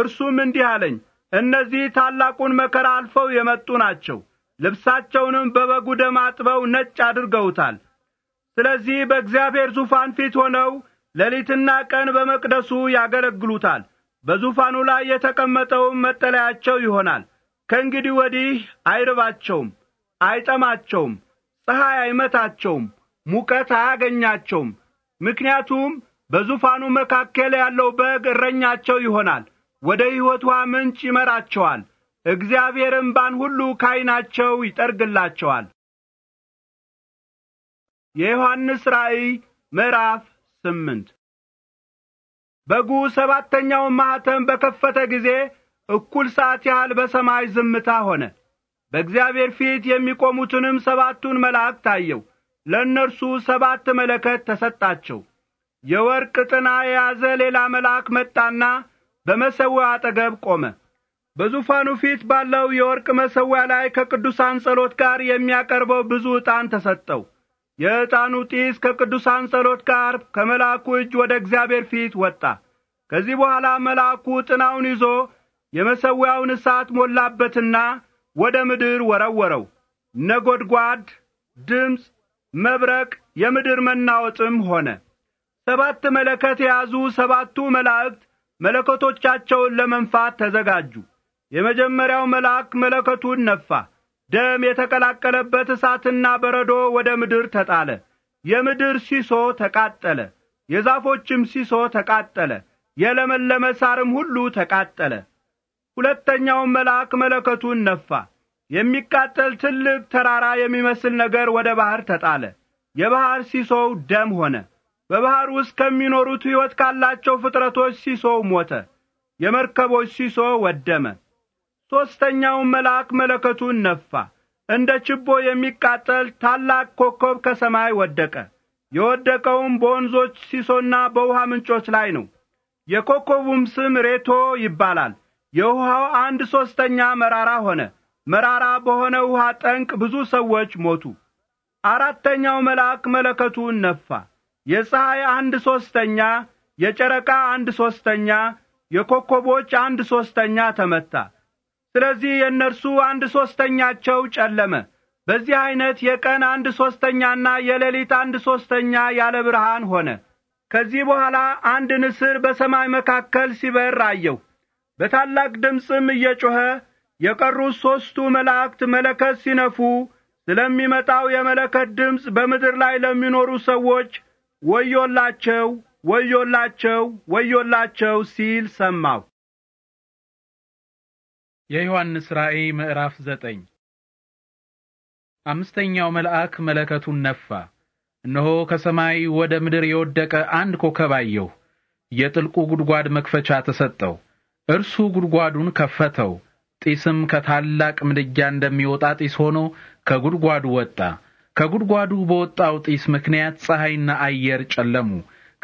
[SPEAKER 3] እርሱም እንዲህ አለኝ እነዚህ ታላቁን መከራ አልፈው የመጡ ናቸው ልብሳቸውንም በበጉ ደም አጥበው ነጭ አድርገውታል። ስለዚህ በእግዚአብሔር ዙፋን ፊት ሆነው ሌሊትና ቀን በመቅደሱ ያገለግሉታል። በዙፋኑ ላይ የተቀመጠውም መጠለያቸው ይሆናል። ከእንግዲህ ወዲህ አይርባቸውም፣ አይጠማቸውም፣ ፀሐይ አይመታቸውም፣ ሙቀት አያገኛቸውም። ምክንያቱም በዙፋኑ መካከል ያለው በግ እረኛቸው ይሆናል፣ ወደ ሕይወቷ ምንጭ ይመራቸዋል። እግዚአብሔር ባን ሁሉ ካይናቸው ይጠርግላቸዋል። የዮሐንስ ራእይ ምዕራፍ ስምንት በጉ ሰባተኛውን ማኅተም በከፈተ ጊዜ እኩል ሰዓት ያህል በሰማይ ዝምታ ሆነ። በእግዚአብሔር ፊት የሚቆሙትንም ሰባቱን መላእክት አየው። ለእነርሱ ሰባት መለከት ተሰጣቸው። የወርቅ ጥና የያዘ ሌላ መልአክ መጣና በመሠዊያው አጠገብ ቆመ። በዙፋኑ ፊት ባለው የወርቅ መሠዊያ ላይ ከቅዱሳን ጸሎት ጋር የሚያቀርበው ብዙ ዕጣን ተሰጠው። የዕጣኑ ጢስ ከቅዱሳን ጸሎት ጋር ከመልአኩ እጅ ወደ እግዚአብሔር ፊት ወጣ። ከዚህ በኋላ መልአኩ ጥናውን ይዞ የመሠዊያውን እሳት ሞላበትና ወደ ምድር ወረወረው። ነጎድጓድ ድምፅ፣ መብረቅ፣ የምድር መናወጥም ሆነ። ሰባት መለከት የያዙ ሰባቱ መላእክት መለከቶቻቸውን ለመንፋት ተዘጋጁ። የመጀመሪያው መልአክ መለከቱን ነፋ ደም የተቀላቀለበት እሳትና በረዶ ወደ ምድር ተጣለ የምድር ሲሶ ተቃጠለ የዛፎችም ሲሶ ተቃጠለ የለመለመ ሳርም ሁሉ ተቃጠለ ሁለተኛውም መልአክ መለከቱን ነፋ የሚቃጠል ትልቅ ተራራ የሚመስል ነገር ወደ ባህር ተጣለ የባህር ሲሶው ደም ሆነ በባህር ውስጥ ከሚኖሩት ሕይወት ካላቸው ፍጥረቶች ሲሶው ሞተ የመርከቦች ሲሶ ወደመ ሦስተኛውም መልአክ መለከቱን ነፋ። እንደ ችቦ የሚቃጠል ታላቅ ኮከብ ከሰማይ ወደቀ። የወደቀውም በወንዞች ሲሶና በውሃ ምንጮች ላይ ነው። የኮከቡም ስም ሬቶ ይባላል። የውሃው አንድ ሦስተኛ መራራ ሆነ። መራራ በሆነ ውሃ ጠንቅ ብዙ ሰዎች ሞቱ። አራተኛው መልአክ መለከቱን ነፋ። የፀሐይ አንድ ሦስተኛ፣ የጨረቃ አንድ ሦስተኛ፣ የኮከቦች አንድ ሦስተኛ ተመታ። ስለዚህ የእነርሱ አንድ ሦስተኛቸው ጨለመ። በዚህ ዐይነት የቀን አንድ ሦስተኛና የሌሊት አንድ ሦስተኛ ያለ ብርሃን ሆነ። ከዚህ በኋላ አንድ ንስር በሰማይ መካከል ሲበር አየሁ። በታላቅ ድምፅም እየጮኸ የቀሩት ሦስቱ መላእክት መለከት ሲነፉ ስለሚመጣው የመለከት ድምፅ በምድር ላይ ለሚኖሩ ሰዎች ወዮላቸው፣ ወዮላቸው፣ ወዮላቸው ሲል ሰማሁ።
[SPEAKER 2] የዮሐንስ ራእይ ምዕራፍ ዘጠኝ
[SPEAKER 1] አምስተኛው መልአክ መለከቱን ነፋ። እነሆ ከሰማይ ወደ ምድር የወደቀ አንድ ኮከብ አየሁ። የጥልቁ ጉድጓድ መክፈቻ ተሰጠው። እርሱ ጉድጓዱን ከፈተው። ጢስም ከታላቅ ምድጃ እንደሚወጣ ጢስ ሆኖ ከጉድጓዱ ወጣ። ከጉድጓዱ በወጣው ጢስ ምክንያት ፀሐይና አየር ጨለሙ።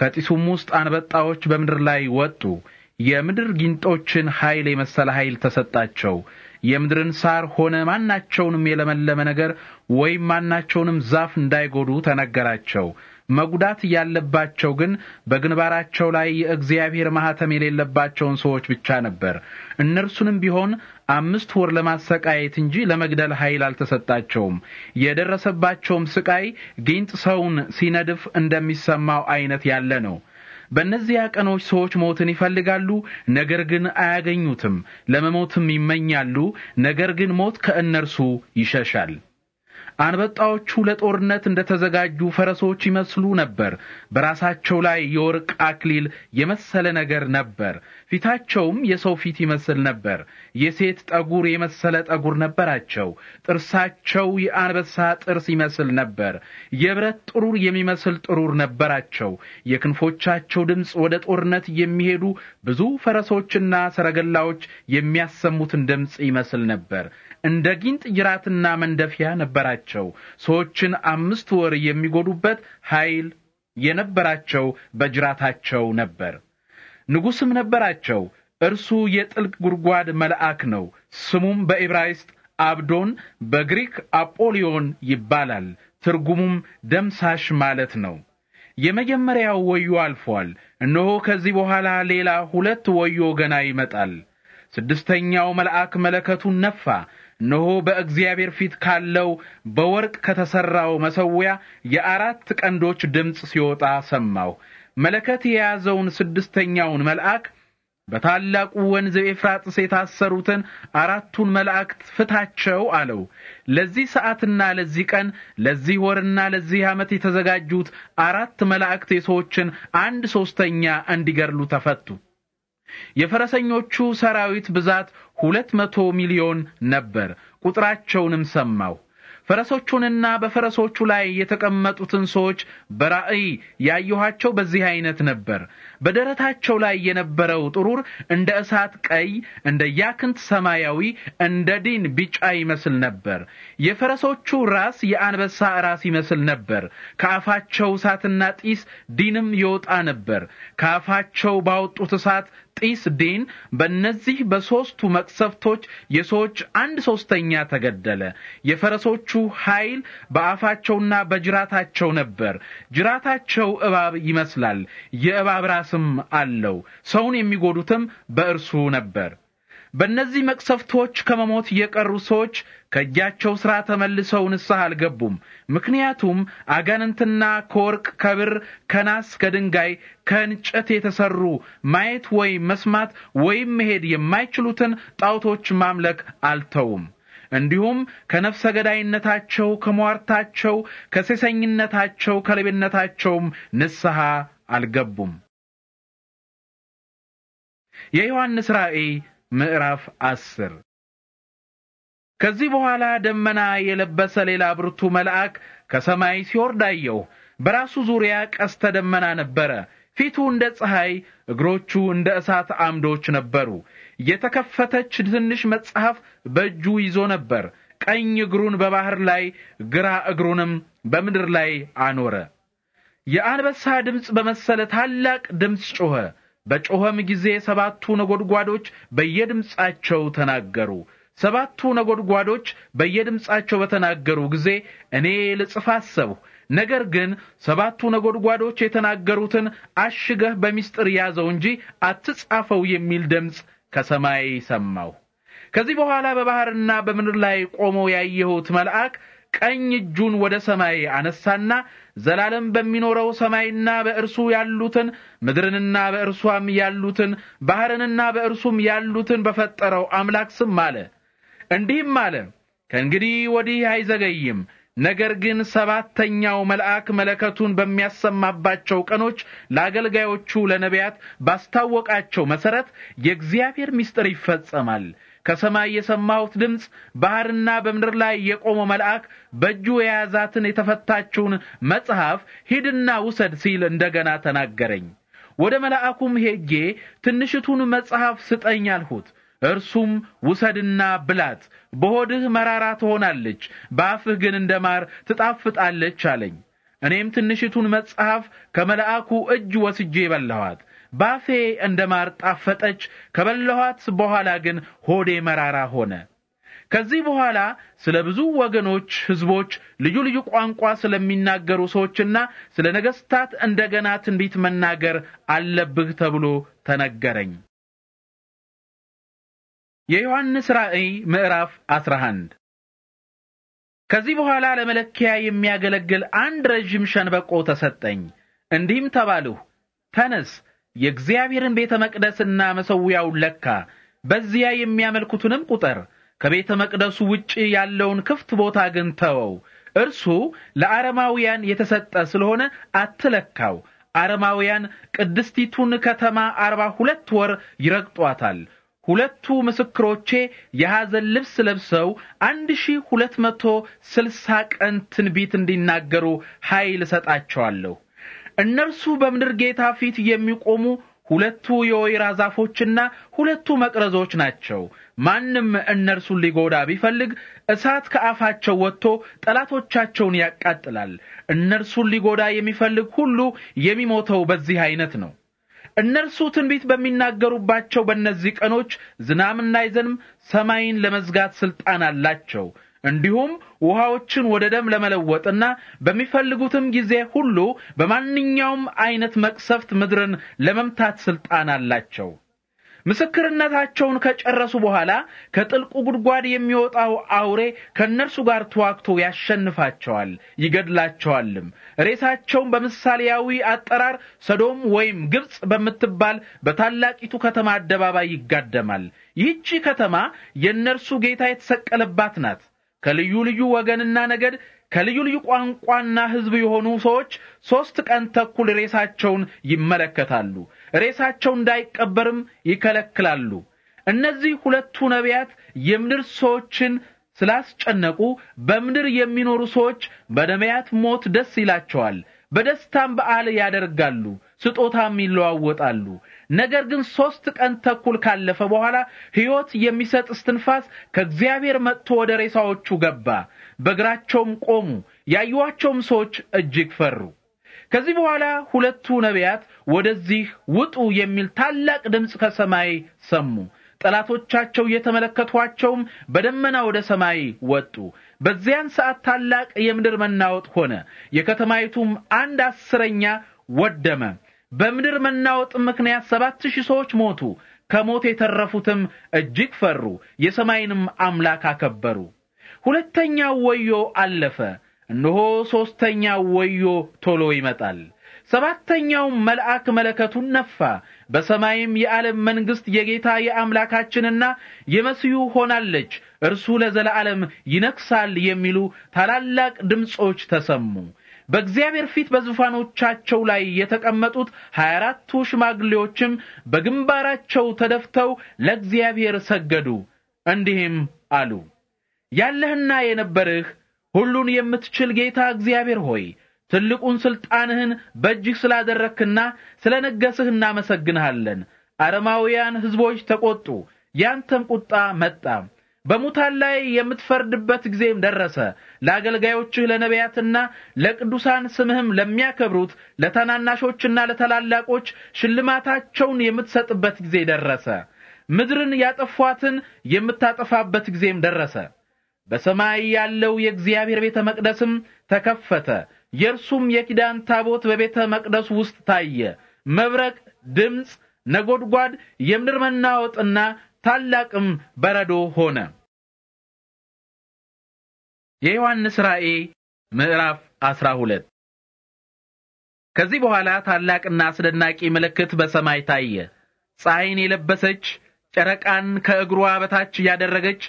[SPEAKER 1] ከጢሱም ውስጥ አንበጣዎች በምድር ላይ ወጡ። የምድር ጊንጦችን ኃይል የመሰለ ኃይል ተሰጣቸው። የምድርን ሳር ሆነ ማናቸውንም የለመለመ ነገር ወይም ማናቸውንም ዛፍ እንዳይጎዱ ተነገራቸው። መጉዳት ያለባቸው ግን በግንባራቸው ላይ የእግዚአብሔር ማኅተም የሌለባቸውን ሰዎች ብቻ ነበር። እነርሱንም ቢሆን አምስት ወር ለማሰቃየት እንጂ ለመግደል ኃይል አልተሰጣቸውም። የደረሰባቸውም ስቃይ ጊንጥ ሰውን ሲነድፍ እንደሚሰማው አይነት ያለ ነው። በእነዚያ ቀኖች ሰዎች ሞትን ይፈልጋሉ፣ ነገር ግን አያገኙትም። ለመሞትም ይመኛሉ፣ ነገር ግን ሞት ከእነርሱ ይሸሻል። አንበጣዎቹ ለጦርነት እንደተዘጋጁ ፈረሶች ይመስሉ ነበር። በራሳቸው ላይ የወርቅ አክሊል የመሰለ ነገር ነበር። ፊታቸውም የሰው ፊት ይመስል ነበር። የሴት ጠጉር የመሰለ ጠጉር ነበራቸው። ጥርሳቸው የአንበሳ ጥርስ ይመስል ነበር። የብረት ጥሩር የሚመስል ጥሩር ነበራቸው። የክንፎቻቸው ድምፅ ወደ ጦርነት የሚሄዱ ብዙ ፈረሶችና ሰረገላዎች የሚያሰሙትን ድምፅ ይመስል ነበር። እንደ ጊንጥ ጅራትና መንደፊያ ነበራቸው። ሰዎችን አምስት ወር የሚጎዱበት ኃይል የነበራቸው በጅራታቸው ነበር። ንጉሥም ነበራቸው። እርሱ የጥልቅ ጉድጓድ መልአክ ነው። ስሙም በዕብራይስጥ አብዶን በግሪክ አጶሊዮን ይባላል። ትርጉሙም ደምሳሽ ማለት ነው። የመጀመሪያው ወዮ አልፏል። እነሆ ከዚህ በኋላ ሌላ ሁለት ወዮ ገና ይመጣል። ስድስተኛው መልአክ መለከቱን ነፋ። እነሆ በእግዚአብሔር ፊት ካለው በወርቅ ከተሠራው መሠዊያ የአራት ቀንዶች ድምፅ ሲወጣ ሰማሁ። መለከት የያዘውን ስድስተኛውን መልአክ በታላቁ ወንዝ ኤፍራጥስ የታሰሩትን አራቱን መላእክት ፍታቸው አለው። ለዚህ ሰዓትና ለዚህ ቀን ለዚህ ወርና ለዚህ ዓመት የተዘጋጁት አራት መላእክት የሰዎችን አንድ ሦስተኛ እንዲገድሉ ተፈቱ። የፈረሰኞቹ ሰራዊት ብዛት ሁለት መቶ ሚሊዮን ነበር። ቁጥራቸውንም ሰማሁ። ፈረሶቹንና በፈረሶቹ ላይ የተቀመጡትን ሰዎች በራእይ ያየኋቸው በዚህ አይነት ነበር። በደረታቸው ላይ የነበረው ጥሩር እንደ እሳት ቀይ፣ እንደ ያክንት ሰማያዊ፣ እንደ ዲን ቢጫ ይመስል ነበር። የፈረሶቹ ራስ የአንበሳ ራስ ይመስል ነበር። ከአፋቸው እሳትና ጢስ ዲንም ይወጣ ነበር። ከአፋቸው ባወጡት እሳት ጢስ ዴን በእነዚህ በሦስቱ መቅሰፍቶች የሰዎች አንድ ሦስተኛ ተገደለ። የፈረሶቹ ኃይል በአፋቸውና በጅራታቸው ነበር። ጅራታቸው እባብ ይመስላል፣ የእባብ ራስም አለው። ሰውን የሚጎዱትም በእርሱ ነበር። በእነዚህ መቅሰፍቶች ከመሞት የቀሩ ሰዎች ከእጃቸው ሥራ ተመልሰው ንስሐ አልገቡም። ምክንያቱም አጋንንትና ከወርቅ ከብር፣ ከናስ፣ ከድንጋይ፣ ከእንጨት የተሰሩ ማየት ወይም መስማት ወይም መሄድ የማይችሉትን ጣዖቶች ማምለክ አልተውም። እንዲሁም ከነፍሰ ገዳይነታቸው፣ ከሟርታቸው፣ ከሴሰኝነታቸው፣ ከሌብነታቸውም ንስሐ አልገቡም።
[SPEAKER 2] የዮሐንስ ራእይ ምዕራፍ አስር ከዚህ በኋላ ደመና የለበሰ ሌላ ብርቱ
[SPEAKER 1] መልአክ ከሰማይ ሲወርድ አየሁ። በራሱ ዙሪያ ቀስተ ደመና ነበረ። ፊቱ እንደ ፀሐይ፣ እግሮቹ እንደ እሳት አምዶች ነበሩ። የተከፈተች ትንሽ መጽሐፍ በእጁ ይዞ ነበር። ቀኝ እግሩን በባህር ላይ ግራ እግሩንም በምድር ላይ አኖረ። የአንበሳ ድምፅ በመሰለ ታላቅ ድምፅ ጮኸ። በጮኸም ጊዜ ሰባቱ ነጎድጓዶች በየድምፃቸው ተናገሩ። ሰባቱ ነጎድጓዶች በየድምፃቸው በተናገሩ ጊዜ እኔ ልጽፍ አሰብሁ። ነገር ግን ሰባቱ ነጎድጓዶች የተናገሩትን አሽገህ በሚስጥር ያዘው እንጂ አትጻፈው የሚል ድምፅ ከሰማይ ሰማሁ። ከዚህ በኋላ በባህርና በምድር ላይ ቆሞ ያየሁት መልአክ ቀኝ እጁን ወደ ሰማይ አነሳና ዘላለም በሚኖረው ሰማይና በእርሱ ያሉትን ምድርንና በእርሷም ያሉትን ባህርንና በእርሱም ያሉትን በፈጠረው አምላክ ስም አለ። እንዲህም አለ ከእንግዲህ ወዲህ አይዘገይም ነገር ግን ሰባተኛው መልአክ መለከቱን በሚያሰማባቸው ቀኖች ለአገልጋዮቹ ለነቢያት ባስታወቃቸው መሰረት የእግዚአብሔር ምስጢር ይፈጸማል። ከሰማይ የሰማሁት ድምፅ ባሕርና በምድር ላይ የቆመው መልአክ በእጁ የያዛትን የተፈታችውን መጽሐፍ ሂድና ውሰድ ሲል እንደገና ተናገረኝ። ወደ መልአኩም ሄጄ ትንሽቱን መጽሐፍ ስጠኝ አልሁት። እርሱም ውሰድና ብላት፣ በሆድህ መራራ ትሆናለች፣ በአፍህ ግን እንደ ማር ትጣፍጣለች አለኝ። እኔም ትንሽቱን መጽሐፍ ከመልአኩ እጅ ወስጄ በላኋት። ባፌ እንደ ማር ጣፈጠች፣ ከበላኋት በኋላ ግን ሆዴ መራራ ሆነ። ከዚህ በኋላ ስለ ብዙ ወገኖች፣ ሕዝቦች፣ ልዩ ልዩ ቋንቋ ስለሚናገሩ ሰዎችና ስለ ነገሥታት እንደገና ትንቢት መናገር
[SPEAKER 2] አለብህ ተብሎ ተነገረኝ። የዮሐንስ ራእይ ምዕራፍ 11 ከዚህ በኋላ
[SPEAKER 1] ለመለኪያ የሚያገለግል አንድ ረዥም ሸንበቆ ተሰጠኝ። እንዲህም ተባልሁ፣ ተነስ፣ የእግዚአብሔርን ቤተ መቅደስና መሠዊያውን ለካ፣ በዚያ የሚያመልኩትንም ቁጠር። ከቤተ መቅደሱ ውጪ ያለውን ክፍት ቦታ ግን ተወው፣ እርሱ ለአረማውያን የተሰጠ ስለሆነ አትለካው። አረማውያን ቅድስቲቱን ከተማ አርባ ሁለት ወር ይረግጧታል። ሁለቱ ምስክሮቼ የሐዘን ልብስ ለብሰው አንድ ሺ ሁለት መቶ ስልሳ ቀን ትንቢት እንዲናገሩ ኃይል እሰጣቸዋለሁ። እነርሱ በምድር ጌታ ፊት የሚቆሙ ሁለቱ የወይራ ዛፎችና ሁለቱ መቅረዞች ናቸው። ማንም እነርሱን ሊጎዳ ቢፈልግ እሳት ከአፋቸው ወጥቶ ጠላቶቻቸውን ያቃጥላል። እነርሱን ሊጎዳ የሚፈልግ ሁሉ የሚሞተው በዚህ አይነት ነው። እነርሱ ትንቢት በሚናገሩባቸው በእነዚህ ቀኖች ዝናምና ይዘንም ሰማይን ለመዝጋት ሥልጣን አላቸው። እንዲሁም ውሃዎችን ወደ ደም ለመለወጥና በሚፈልጉትም ጊዜ ሁሉ በማንኛውም አይነት መቅሰፍት ምድርን ለመምታት ሥልጣን አላቸው። ምስክርነታቸውን ከጨረሱ በኋላ ከጥልቁ ጉድጓድ የሚወጣው አውሬ ከእነርሱ ጋር ተዋግቶ ያሸንፋቸዋል፣ ይገድላቸዋልም። ሬሳቸውን በምሳሌያዊ አጠራር ሰዶም ወይም ግብጽ በምትባል በታላቂቱ ከተማ አደባባይ ይጋደማል። ይህቺ ከተማ የእነርሱ ጌታ የተሰቀለባት ናት። ከልዩ ልዩ ወገንና ነገድ ከልዩ ልዩ ቋንቋና ሕዝብ የሆኑ ሰዎች ሦስት ቀን ተኩል ሬሳቸውን ይመለከታሉ። ሬሳቸው እንዳይቀበርም ይከለክላሉ። እነዚህ ሁለቱ ነቢያት የምድር ሰዎችን ስላስጨነቁ በምድር የሚኖሩ ሰዎች በነቢያት ሞት ደስ ይላቸዋል። በደስታም በዓል ያደርጋሉ፣ ስጦታም ይለዋወጣሉ። ነገር ግን ሦስት ቀን ተኩል ካለፈ በኋላ ሕይወት የሚሰጥ እስትንፋስ ከእግዚአብሔር መጥቶ ወደ ሬሳዎቹ ገባ። በእግራቸውም ቆሙ። ያዩዋቸውም ሰዎች እጅግ ፈሩ። ከዚህ በኋላ ሁለቱ ነቢያት ወደዚህ ውጡ የሚል ታላቅ ድምፅ ከሰማይ ሰሙ። ጠላቶቻቸው እየተመለከቷቸውም በደመና ወደ ሰማይ ወጡ። በዚያን ሰዓት ታላቅ የምድር መናወጥ ሆነ። የከተማይቱም አንድ አስረኛ ወደመ። በምድር መናወጥ ምክንያት ሰባት ሺህ ሰዎች ሞቱ። ከሞት የተረፉትም እጅግ ፈሩ፣ የሰማይንም አምላክ አከበሩ። ሁለተኛው ወዮ አለፈ። እነሆ ሦስተኛው ወዮ ቶሎ ይመጣል። ሰባተኛው መልአክ መለከቱን ነፋ። በሰማይም የዓለም መንግሥት የጌታ የአምላካችንና የመሲሁ ሆናለች፣ እርሱ ለዘላለም ይነግሣል የሚሉ ታላላቅ ድምፆች ተሰሙ። በእግዚአብሔር ፊት በዙፋኖቻቸው ላይ የተቀመጡት ሀያ አራቱ ሽማግሌዎችም በግንባራቸው ተደፍተው ለእግዚአብሔር ሰገዱ፣ እንዲህም አሉ፦ ያለህና የነበርህ ሁሉን የምትችል ጌታ እግዚአብሔር ሆይ ትልቁን ስልጣንህን በእጅህ ስላደረክና ስለነገስህ እናመሰግንሃለን። አረማውያን ሕዝቦች ተቆጡ፣ ያንተም ቁጣ መጣ። በሙታን ላይ የምትፈርድበት ጊዜም ደረሰ። ለአገልጋዮችህ ለነቢያትና ለቅዱሳን ስምህም ለሚያከብሩት ለታናናሾችና ለታላላቆች ሽልማታቸውን የምትሰጥበት ጊዜ ደረሰ። ምድርን ያጠፏትን የምታጠፋበት ጊዜም ደረሰ። በሰማይ ያለው የእግዚአብሔር ቤተ መቅደስም ተከፈተ። የእርሱም የኪዳን ታቦት በቤተ መቅደስ ውስጥ ታየ።
[SPEAKER 2] መብረቅ፣ ድምፅ፣ ነጎድጓድ፣ የምድር መናወጥና ታላቅም በረዶ ሆነ። የዮሐንስ ራእይ ምዕራፍ 12 ከዚህ በኋላ ታላቅና አስደናቂ
[SPEAKER 1] ምልክት በሰማይ ታየ። ፀሐይን የለበሰች ጨረቃን ከእግሯ በታች ያደረገች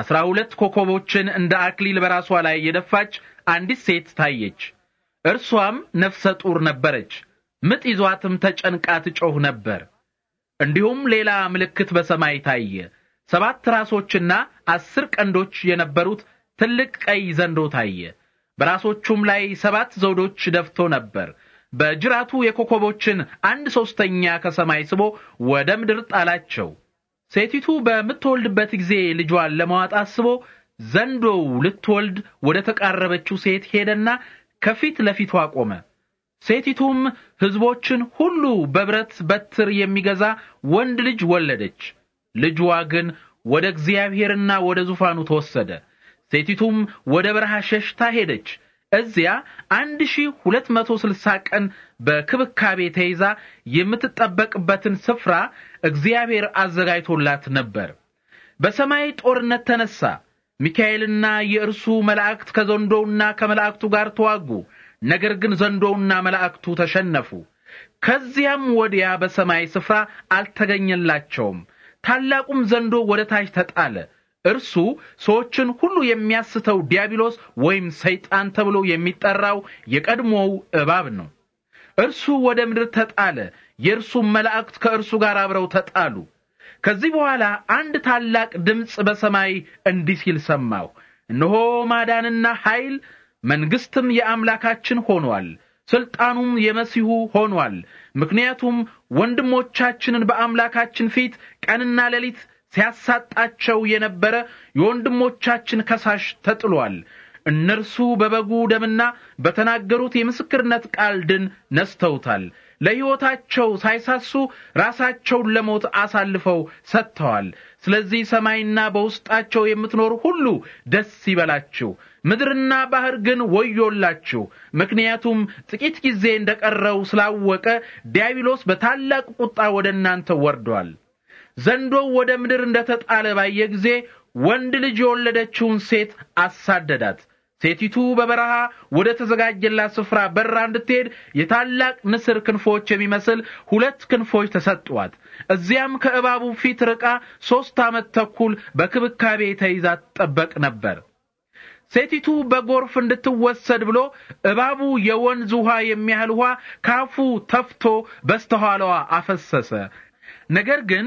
[SPEAKER 1] አስራ ሁለት ኮከቦችን እንደ አክሊል በራሷ ላይ የደፋች አንዲት ሴት ታየች። እርሷም ነፍሰ ጡር ነበረች። ምጥ ይዟትም ተጨንቃ ትጮህ ነበር። እንዲሁም ሌላ ምልክት በሰማይ ታየ። ሰባት ራሶችና አስር ቀንዶች የነበሩት ትልቅ ቀይ ዘንዶ ታየ። በራሶቹም ላይ ሰባት ዘውዶች ደፍቶ ነበር። በጅራቱ የኮከቦችን አንድ ሶስተኛ ከሰማይ ስቦ ወደ ምድር ጣላቸው። ሴቲቱ በምትወልድበት ጊዜ ልጇን ለማዋጥ አስቦ ዘንዶው ልትወልድ ወደ ተቃረበችው ሴት ሄደና ከፊት ለፊቷ ቆመ። ሴቲቱም ሕዝቦችን ሁሉ በብረት በትር የሚገዛ ወንድ ልጅ ወለደች። ልጇ ግን ወደ እግዚአብሔርና ወደ ዙፋኑ ተወሰደ። ሴቲቱም ወደ በረሃ ሸሽታ ሄደች። እዚያ 1260 ቀን በክብካቤ ተይዛ የምትጠበቅበትን ስፍራ እግዚአብሔር አዘጋጅቶላት ነበር። በሰማይ ጦርነት ተነሳ። ሚካኤልና የእርሱ መላእክት ከዘንዶውና ከመላእክቱ ጋር ተዋጉ። ነገር ግን ዘንዶውና መላእክቱ ተሸነፉ። ከዚያም ወዲያ በሰማይ ስፍራ አልተገኘላቸውም። ታላቁም ዘንዶ ወደ ታች ተጣለ። እርሱ ሰዎችን ሁሉ የሚያስተው ዲያብሎስ ወይም ሰይጣን ተብሎ የሚጠራው የቀድሞው እባብ ነው። እርሱ ወደ ምድር ተጣለ፣ የእርሱም መላእክት ከእርሱ ጋር አብረው ተጣሉ። ከዚህ በኋላ አንድ ታላቅ ድምፅ በሰማይ እንዲህ ሲል ሰማሁ፣ እነሆ ማዳንና ኃይል መንግሥትም የአምላካችን ሆኗል፣ ሥልጣኑም የመሲሁ ሆኗል። ምክንያቱም ወንድሞቻችንን በአምላካችን ፊት ቀንና ሌሊት ሲያሳጣቸው የነበረ የወንድሞቻችን ከሳሽ ተጥሏል። እነርሱ በበጉ ደምና በተናገሩት የምስክርነት ቃል ድን ነስተውታል። ለሕይወታቸው ሳይሳሱ ራሳቸውን ለሞት አሳልፈው ሰጥተዋል። ስለዚህ ሰማይና በውስጣቸው የምትኖር ሁሉ ደስ ይበላችሁ፣ ምድርና ባሕር ግን ወዮላችሁ። ምክንያቱም ጥቂት ጊዜ እንደቀረው ስላወቀ ዲያብሎስ በታላቅ ቁጣ ወደ እናንተ ወርዷል። ዘንዶው ወደ ምድር እንደተጣለ ባየ ጊዜ ወንድ ልጅ የወለደችውን ሴት አሳደዳት። ሴቲቱ በበረሃ ወደ ተዘጋጀላት ስፍራ በራ እንድትሄድ የታላቅ ንስር ክንፎች የሚመስል ሁለት ክንፎች ተሰጥቷት፣ እዚያም ከእባቡ ፊት ርቃ ሦስት ዓመት ተኩል በክብካቤ ተይዛ ትጠበቅ ነበር። ሴቲቱ በጎርፍ እንድትወሰድ ብሎ እባቡ የወንዝ ውሃ የሚያህል ውሃ ካፉ ተፍቶ በስተኋላዋ አፈሰሰ። ነገር ግን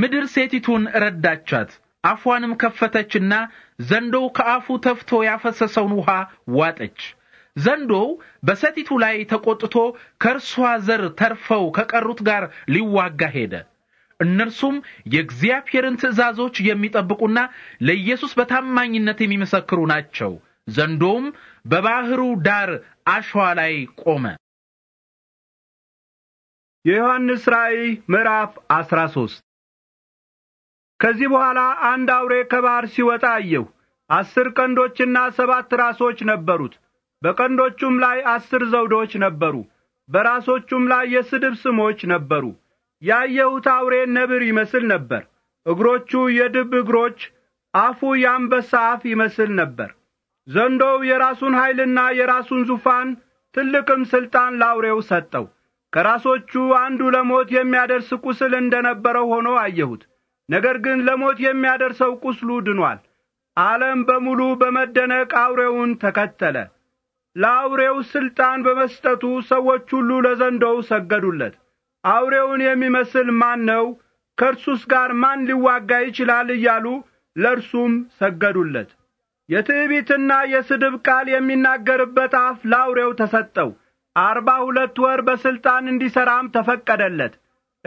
[SPEAKER 1] ምድር ሴቲቱን ረዳቻት። አፏንም ከፈተችና ዘንዶው ከአፉ ተፍቶ ያፈሰሰውን ውሃ ዋጠች። ዘንዶው በሴቲቱ ላይ ተቆጥቶ ከእርሷ ዘር ተርፈው ከቀሩት ጋር ሊዋጋ ሄደ። እነርሱም የእግዚአብሔርን ትእዛዞች የሚጠብቁና ለኢየሱስ በታማኝነት የሚመሰክሩ ናቸው። ዘንዶውም በባህሩ
[SPEAKER 2] ዳር አሸዋ ላይ ቆመ።
[SPEAKER 3] የዮሐንስ ራእይ ምዕራፍ 13 ከዚህ በኋላ አንድ አውሬ ከባሕር ሲወጣ አየሁ። አስር ቀንዶችና ሰባት ራሶች ነበሩት። በቀንዶቹም ላይ አስር ዘውዶች ነበሩ። በራሶቹም ላይ የስድብ ስሞች ነበሩ። ያየሁት አውሬ ነብር ይመስል ነበር። እግሮቹ የድብ እግሮች፣ አፉ የአንበሳ አፍ ይመስል ነበር። ዘንዶው የራሱን ኃይልና የራሱን ዙፋን ትልቅም ሥልጣን ላውሬው ሰጠው። ከራሶቹ አንዱ ለሞት የሚያደርስ ቁስል እንደ ነበረው ሆኖ አየሁት። ነገር ግን ለሞት የሚያደርሰው ቁስሉ ድኗል። ዓለም በሙሉ በመደነቅ አውሬውን ተከተለ። ለአውሬው ሥልጣን በመስጠቱ ሰዎች ሁሉ ለዘንዶው ሰገዱለት። አውሬውን የሚመስል ማን ነው? ከእርሱስ ጋር ማን ሊዋጋ ይችላል? እያሉ ለእርሱም ሰገዱለት። የትዕቢትና የስድብ ቃል የሚናገርበት አፍ ለአውሬው ተሰጠው። አርባ ሁለት ወር በሥልጣን እንዲሠራም ተፈቀደለት።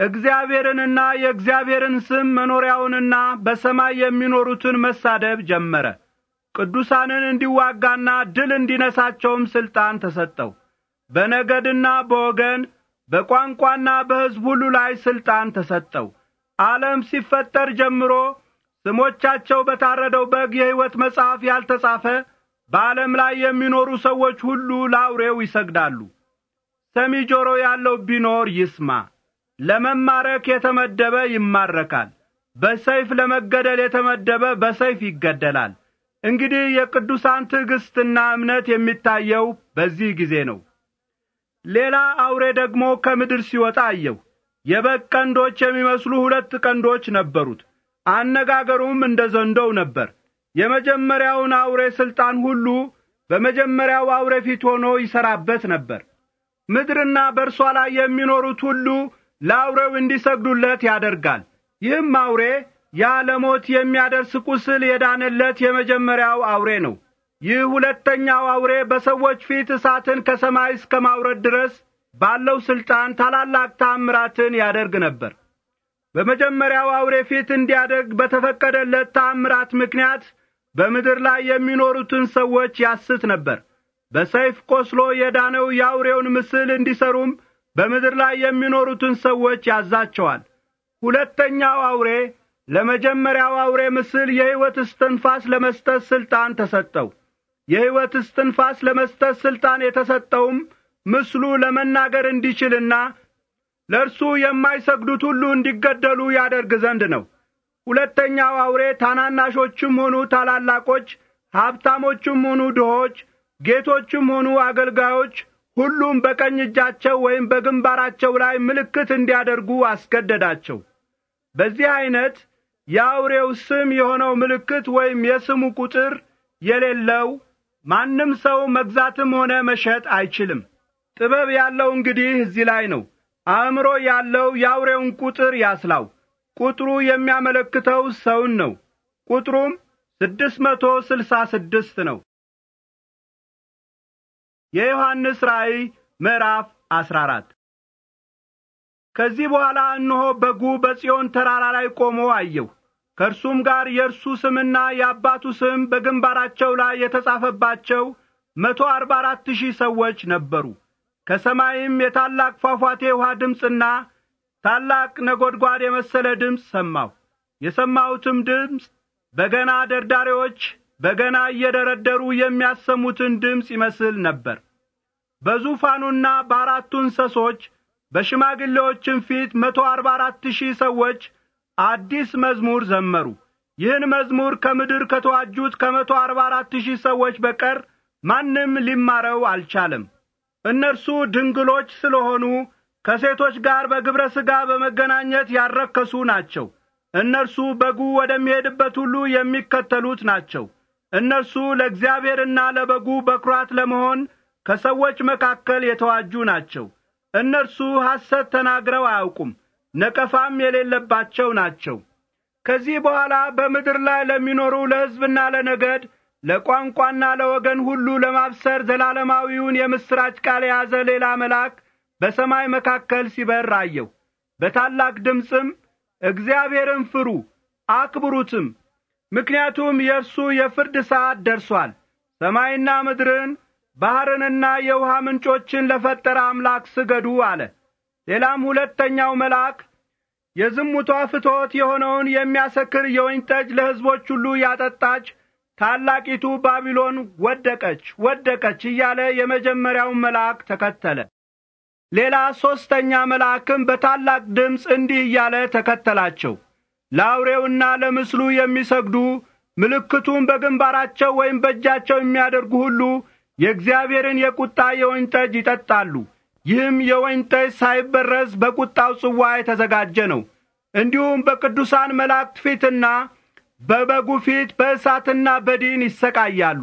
[SPEAKER 3] እግዚአብሔርንና የእግዚአብሔርን ስም መኖሪያውንና በሰማይ የሚኖሩትን መሳደብ ጀመረ። ቅዱሳንን እንዲዋጋና ድል እንዲነሳቸውም ሥልጣን ተሰጠው። በነገድና በወገን በቋንቋና በሕዝብ ሁሉ ላይ ሥልጣን ተሰጠው። ዓለም ሲፈጠር ጀምሮ ስሞቻቸው በታረደው በግ የሕይወት መጽሐፍ ያልተጻፈ በዓለም ላይ የሚኖሩ ሰዎች ሁሉ ለአውሬው ይሰግዳሉ። ሰሚ ጆሮ ያለው ቢኖር ይስማ። ለመማረክ የተመደበ ይማረካል፣ በሰይፍ ለመገደል የተመደበ በሰይፍ ይገደላል። እንግዲህ የቅዱሳን ትዕግሥትና እምነት የሚታየው በዚህ ጊዜ ነው። ሌላ አውሬ ደግሞ ከምድር ሲወጣ አየሁ። የበግ ቀንዶች የሚመስሉ ሁለት ቀንዶች ነበሩት። አነጋገሩም እንደ ዘንዶው ነበር። የመጀመሪያውን አውሬ ሥልጣን ሁሉ በመጀመሪያው አውሬ ፊት ሆኖ ይሠራበት ነበር። ምድርና በእርሷ ላይ የሚኖሩት ሁሉ ለአውሬው እንዲሰግዱለት ያደርጋል። ይህም አውሬ ያ ለሞት የሚያደርስ ቁስል የዳነለት የመጀመሪያው አውሬ ነው። ይህ ሁለተኛው አውሬ በሰዎች ፊት እሳትን ከሰማይ እስከ ማውረድ ድረስ ባለው ሥልጣን ታላላቅ ታምራትን ያደርግ ነበር። በመጀመሪያው አውሬ ፊት እንዲያደርግ በተፈቀደለት ታምራት ምክንያት በምድር ላይ የሚኖሩትን ሰዎች ያስት ነበር። በሰይፍ ቆስሎ የዳነው የአውሬውን ምስል እንዲሰሩም በምድር ላይ የሚኖሩትን ሰዎች ያዛቸዋል። ሁለተኛው አውሬ ለመጀመሪያው አውሬ ምስል የሕይወት እስትንፋስ ለመስጠት ሥልጣን ተሰጠው። የሕይወት እስትንፋስ ለመስጠት ሥልጣን የተሰጠውም ምስሉ ለመናገር እንዲችልና ለእርሱ የማይሰግዱት ሁሉ እንዲገደሉ ያደርግ ዘንድ ነው። ሁለተኛው አውሬ ታናናሾችም ሆኑ ታላላቆች፣ ሀብታሞችም ሆኑ ድሆች፣ ጌቶችም ሆኑ አገልጋዮች ሁሉም በቀኝ እጃቸው ወይም በግንባራቸው ላይ ምልክት እንዲያደርጉ አስገደዳቸው። በዚህ ዐይነት የአውሬው ስም የሆነው ምልክት ወይም የስሙ ቁጥር የሌለው ማንም ሰው መግዛትም ሆነ መሸጥ አይችልም። ጥበብ ያለው እንግዲህ እዚህ ላይ ነው። አእምሮ ያለው የአውሬውን ቁጥር ያስላው። ቁጥሩ የሚያመለክተው ሰውን ነው። ቁጥሩም ስድስት መቶ ስልሳ ስድስት ነው። የዮሐንስ ራእይ ምዕራፍ አስራ አራት ከዚህ በኋላ እነሆ በጉ በጽዮን ተራራ ላይ ቆሞ አየሁ። ከእርሱም ጋር የእርሱ ስምና የአባቱ ስም በግንባራቸው ላይ የተጻፈባቸው መቶ አርባ አራት ሺህ ሰዎች ነበሩ። ከሰማይም የታላቅ ፏፏቴ ውሃ ድምፅና ታላቅ ነጎድጓድ የመሰለ ድምፅ ሰማሁ። የሰማሁትም ድምፅ በገና ደርዳሪዎች በገና እየደረደሩ የሚያሰሙትን ድምፅ ይመስል ነበር። በዙፋኑና በአራቱ እንሰሶች በሽማግሌዎችም ፊት መቶ አርባ አራት ሺህ ሰዎች አዲስ መዝሙር ዘመሩ። ይህን መዝሙር ከምድር ከተዋጁት ከመቶ አርባ አራት ሺህ ሰዎች በቀር ማንም ሊማረው አልቻለም። እነርሱ ድንግሎች ስለሆኑ ከሴቶች ጋር በግብረ ሥጋ በመገናኘት ያረከሱ ናቸው። እነርሱ በጉ ወደሚሄድበት ሁሉ የሚከተሉት ናቸው። እነርሱ ለእግዚአብሔርና ለበጉ በኩራት ለመሆን ከሰዎች መካከል የተዋጁ ናቸው። እነርሱ ሐሰት ተናግረው አያውቁም፣ ነቀፋም የሌለባቸው ናቸው። ከዚህ በኋላ በምድር ላይ ለሚኖሩ ለሕዝብና ለነገድ ለቋንቋና ለወገን ሁሉ ለማብሰር ዘላለማዊውን የምሥራች ቃል የያዘ ሌላ መልአክ በሰማይ መካከል ሲበር አየሁ። በታላቅ ድምፅም እግዚአብሔርን ፍሩ አክብሩትም ምክንያቱም የእርሱ የፍርድ ሰዓት ደርሷል። ሰማይና ምድርን ባሕርንና የውሃ ምንጮችን ለፈጠረ አምላክ ስገዱ አለ። ሌላም ሁለተኛው መልአክ የዝሙቷ ፍትወት የሆነውን የሚያሰክር የወይን ጠጅ ለሕዝቦች ሁሉ ያጠጣች ታላቂቱ ባቢሎን ወደቀች ወደቀች እያለ የመጀመሪያውን መልአክ ተከተለ። ሌላ ሦስተኛ መልአክም በታላቅ ድምፅ እንዲህ እያለ ተከተላቸው። ለአውሬውና ለምስሉ የሚሰግዱ ምልክቱን በግንባራቸው ወይም በእጃቸው የሚያደርጉ ሁሉ የእግዚአብሔርን የቁጣ የወይን ጠጅ ይጠጣሉ። ይህም የወይን ጠጅ ሳይበረዝ በቁጣው ጽዋ የተዘጋጀ ነው። እንዲሁም በቅዱሳን መላእክት ፊትና በበጉ ፊት በእሳትና በዲን ይሰቃያሉ።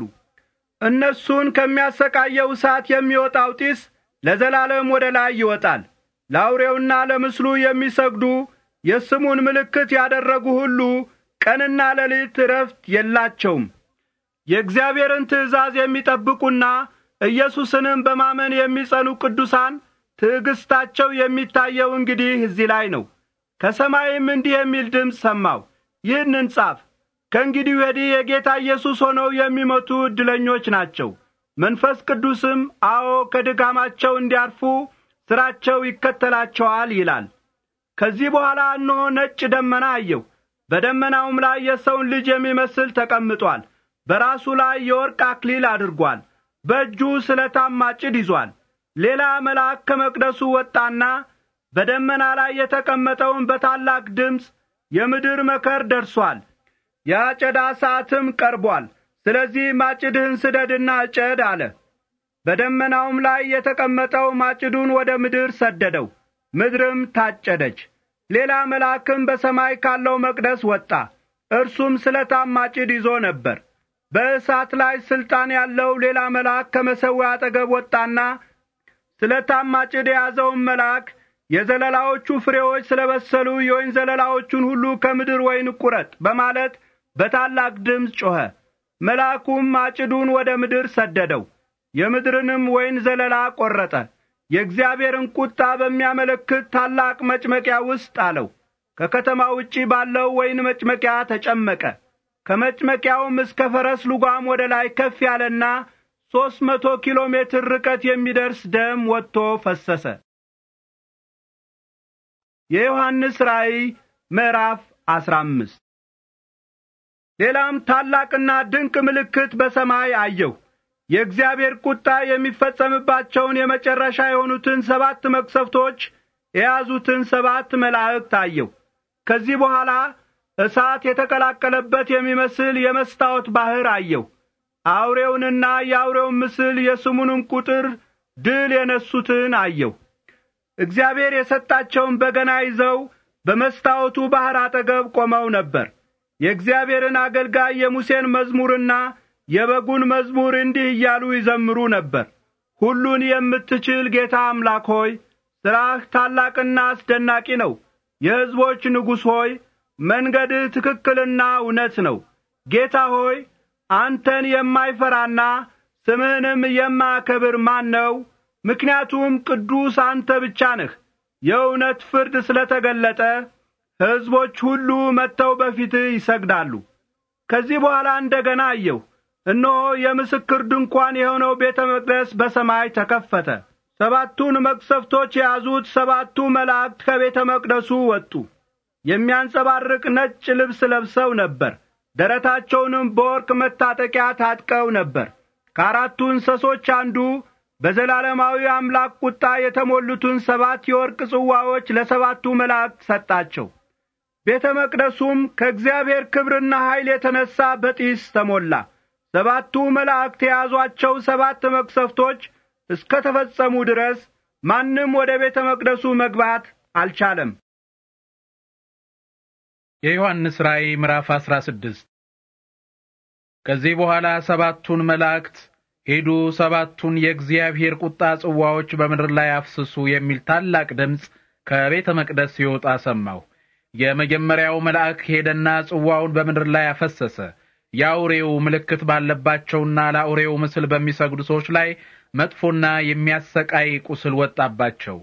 [SPEAKER 3] እነሱን ከሚያሰቃየው እሳት የሚወጣው ጢስ ለዘላለም ወደ ላይ ይወጣል። ለአውሬውና ለምስሉ የሚሰግዱ የስሙን ምልክት ያደረጉ ሁሉ ቀንና ሌሊት ረፍት የላቸውም። የእግዚአብሔርን ትእዛዝ የሚጠብቁና ኢየሱስንም በማመን የሚጸኑ ቅዱሳን ትዕግሥታቸው የሚታየው እንግዲህ እዚህ ላይ ነው። ከሰማይም እንዲህ የሚል ድምፅ ሰማሁ፣ ይህንን ጻፍ፣ ከእንግዲህ ወዲህ የጌታ ኢየሱስ ሆነው የሚመቱ ዕድለኞች ናቸው። መንፈስ ቅዱስም አዎ ከድካማቸው እንዲያርፉ ሥራቸው ይከተላቸዋል ይላል። ከዚህ በኋላ እነሆ ነጭ ደመና አየሁ። በደመናውም ላይ የሰውን ልጅ የሚመስል ተቀምጧል። በራሱ ላይ የወርቅ አክሊል አድርጓል። በእጁ ስለታም ማጭድ ይዟል። ሌላ መልአክ ከመቅደሱ ወጣና በደመና ላይ የተቀመጠውን በታላቅ ድምፅ የምድር መከር ደርሷል፣ የአጨዳ ሰዓትም ቀርቧል፣ ስለዚህ ማጭድህን ስደድና እጨድ አለ። በደመናውም ላይ የተቀመጠው ማጭዱን ወደ ምድር ሰደደው። ምድርም ታጨደች። ሌላ መልአክም በሰማይ ካለው መቅደስ ወጣ። እርሱም ስለታም ማጭድ ይዞ ነበር። በእሳት ላይ ሥልጣን ያለው ሌላ መልአክ ከመሠዊያው አጠገብ ወጣና ስለታም ማጭድ የያዘውን መልአክ የዘለላዎቹ ፍሬዎች ስለበሰሉ የወይን ዘለላዎቹን ሁሉ ከምድር ወይን ቁረጥ በማለት በታላቅ ድምፅ ጮኸ። መልአኩም ማጭዱን ወደ ምድር ሰደደው፣ የምድርንም ወይን ዘለላ ቈረጠ። የእግዚአብሔርን ቁጣ በሚያመለክት ታላቅ መጭመቂያ ውስጥ አለው። ከከተማ ውጪ ባለው ወይን መጭመቂያ ተጨመቀ። ከመጭመቂያውም እስከ ፈረስ ልጓም ወደ ላይ ከፍ ያለና ሦስት መቶ ኪሎ ሜትር ርቀት የሚደርስ ደም ወጥቶ ፈሰሰ። የዮሐንስ ራእይ ምዕራፍ አስራ አምስት ሌላም ታላቅና ድንቅ ምልክት በሰማይ አየሁ። የእግዚአብሔር ቁጣ የሚፈጸምባቸውን የመጨረሻ የሆኑትን ሰባት መቅሰፍቶች የያዙትን ሰባት መላእክት አየው። ከዚህ በኋላ እሳት የተቀላቀለበት የሚመስል የመስታወት ባሕር አየው። አውሬውንና የአውሬውን ምስል የስሙንም ቁጥር ድል የነሱትን አየው። እግዚአብሔር የሰጣቸውን በገና ይዘው በመስታወቱ ባሕር አጠገብ ቆመው ነበር። የእግዚአብሔርን አገልጋይ የሙሴን መዝሙርና የበጉን መዝሙር እንዲህ እያሉ ይዘምሩ ነበር። ሁሉን የምትችል ጌታ አምላክ ሆይ ሥራህ ታላቅና አስደናቂ ነው። የሕዝቦች ንጉሥ ሆይ መንገድህ ትክክልና እውነት ነው። ጌታ ሆይ አንተን የማይፈራና ስምህንም የማያከብር ማን ነው? ምክንያቱም ቅዱስ አንተ ብቻ ነህ። የእውነት ፍርድ ስለ ተገለጠ ሕዝቦች ሁሉ መጥተው በፊትህ ይሰግዳሉ። ከዚህ በኋላ እንደ ገና አየሁ እነሆ የምስክር ድንኳን የሆነው ቤተ መቅደስ በሰማይ ተከፈተ። ሰባቱን መቅሰፍቶች የያዙት ሰባቱ መላእክት ከቤተ መቅደሱ ወጡ። የሚያንጸባርቅ ነጭ ልብስ ለብሰው ነበር። ደረታቸውንም በወርቅ መታጠቂያ ታጥቀው ነበር። ከአራቱ እንስሶች አንዱ በዘላለማዊ አምላክ ቁጣ የተሞሉትን ሰባት የወርቅ ጽዋዎች ለሰባቱ መላእክት ሰጣቸው። ቤተ መቅደሱም ከእግዚአብሔር ክብርና ኃይል የተነሣ በጢስ ተሞላ። ሰባቱ መላእክት የያዟቸው ሰባት መቅሰፍቶች እስከ ተፈጸሙ ድረስ ማንም ወደ ቤተ መቅደሱ መግባት አልቻለም።
[SPEAKER 2] የዮሐንስ ራእይ ምዕራፍ 16 ከዚህ በኋላ ሰባቱን መላእክት ሄዱ ሰባቱን
[SPEAKER 1] የእግዚአብሔር ቁጣ ጽዋዎች በምድር ላይ አፍስሱ የሚል ታላቅ ድምፅ ከቤተ መቅደስ ሲወጣ ሰማሁ። የመጀመሪያው መልአክ ሄደና ጽዋውን በምድር ላይ አፈሰሰ። የአውሬው ምልክት ባለባቸውና ለአውሬው ምስል በሚሰግዱ ሰዎች ላይ መጥፎና የሚያሰቃይ ቁስል ወጣባቸው።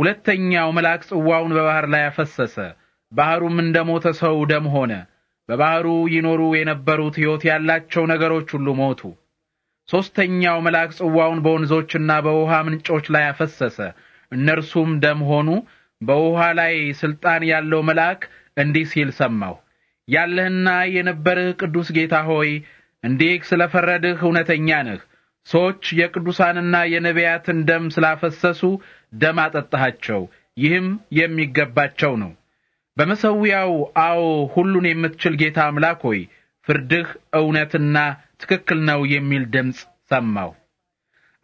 [SPEAKER 1] ሁለተኛው መልአክ ጽዋውን በባህር ላይ አፈሰሰ። ባህሩም እንደ ሞተ ሰው ደም ሆነ። በባህሩ ይኖሩ የነበሩት ሕይወት ያላቸው ነገሮች ሁሉ ሞቱ። ሦስተኛው መልአክ ጽዋውን በወንዞችና በውሃ ምንጮች ላይ አፈሰሰ። እነርሱም ደም ሆኑ። በውሃ ላይ ሥልጣን ያለው መልአክ እንዲህ ሲል ሰማሁ። ያለህና የነበርህ ቅዱስ ጌታ ሆይ እንዲህ ስለ ፈረድህ እውነተኛ ነህ። ሰዎች የቅዱሳንና የነቢያትን ደም ስላፈሰሱ ደም አጠጣሃቸው። ይህም የሚገባቸው ነው። በመሠዊያው አዎ፣ ሁሉን የምትችል ጌታ አምላክ ሆይ ፍርድህ እውነትና ትክክል ነው የሚል ድምፅ ሰማሁ።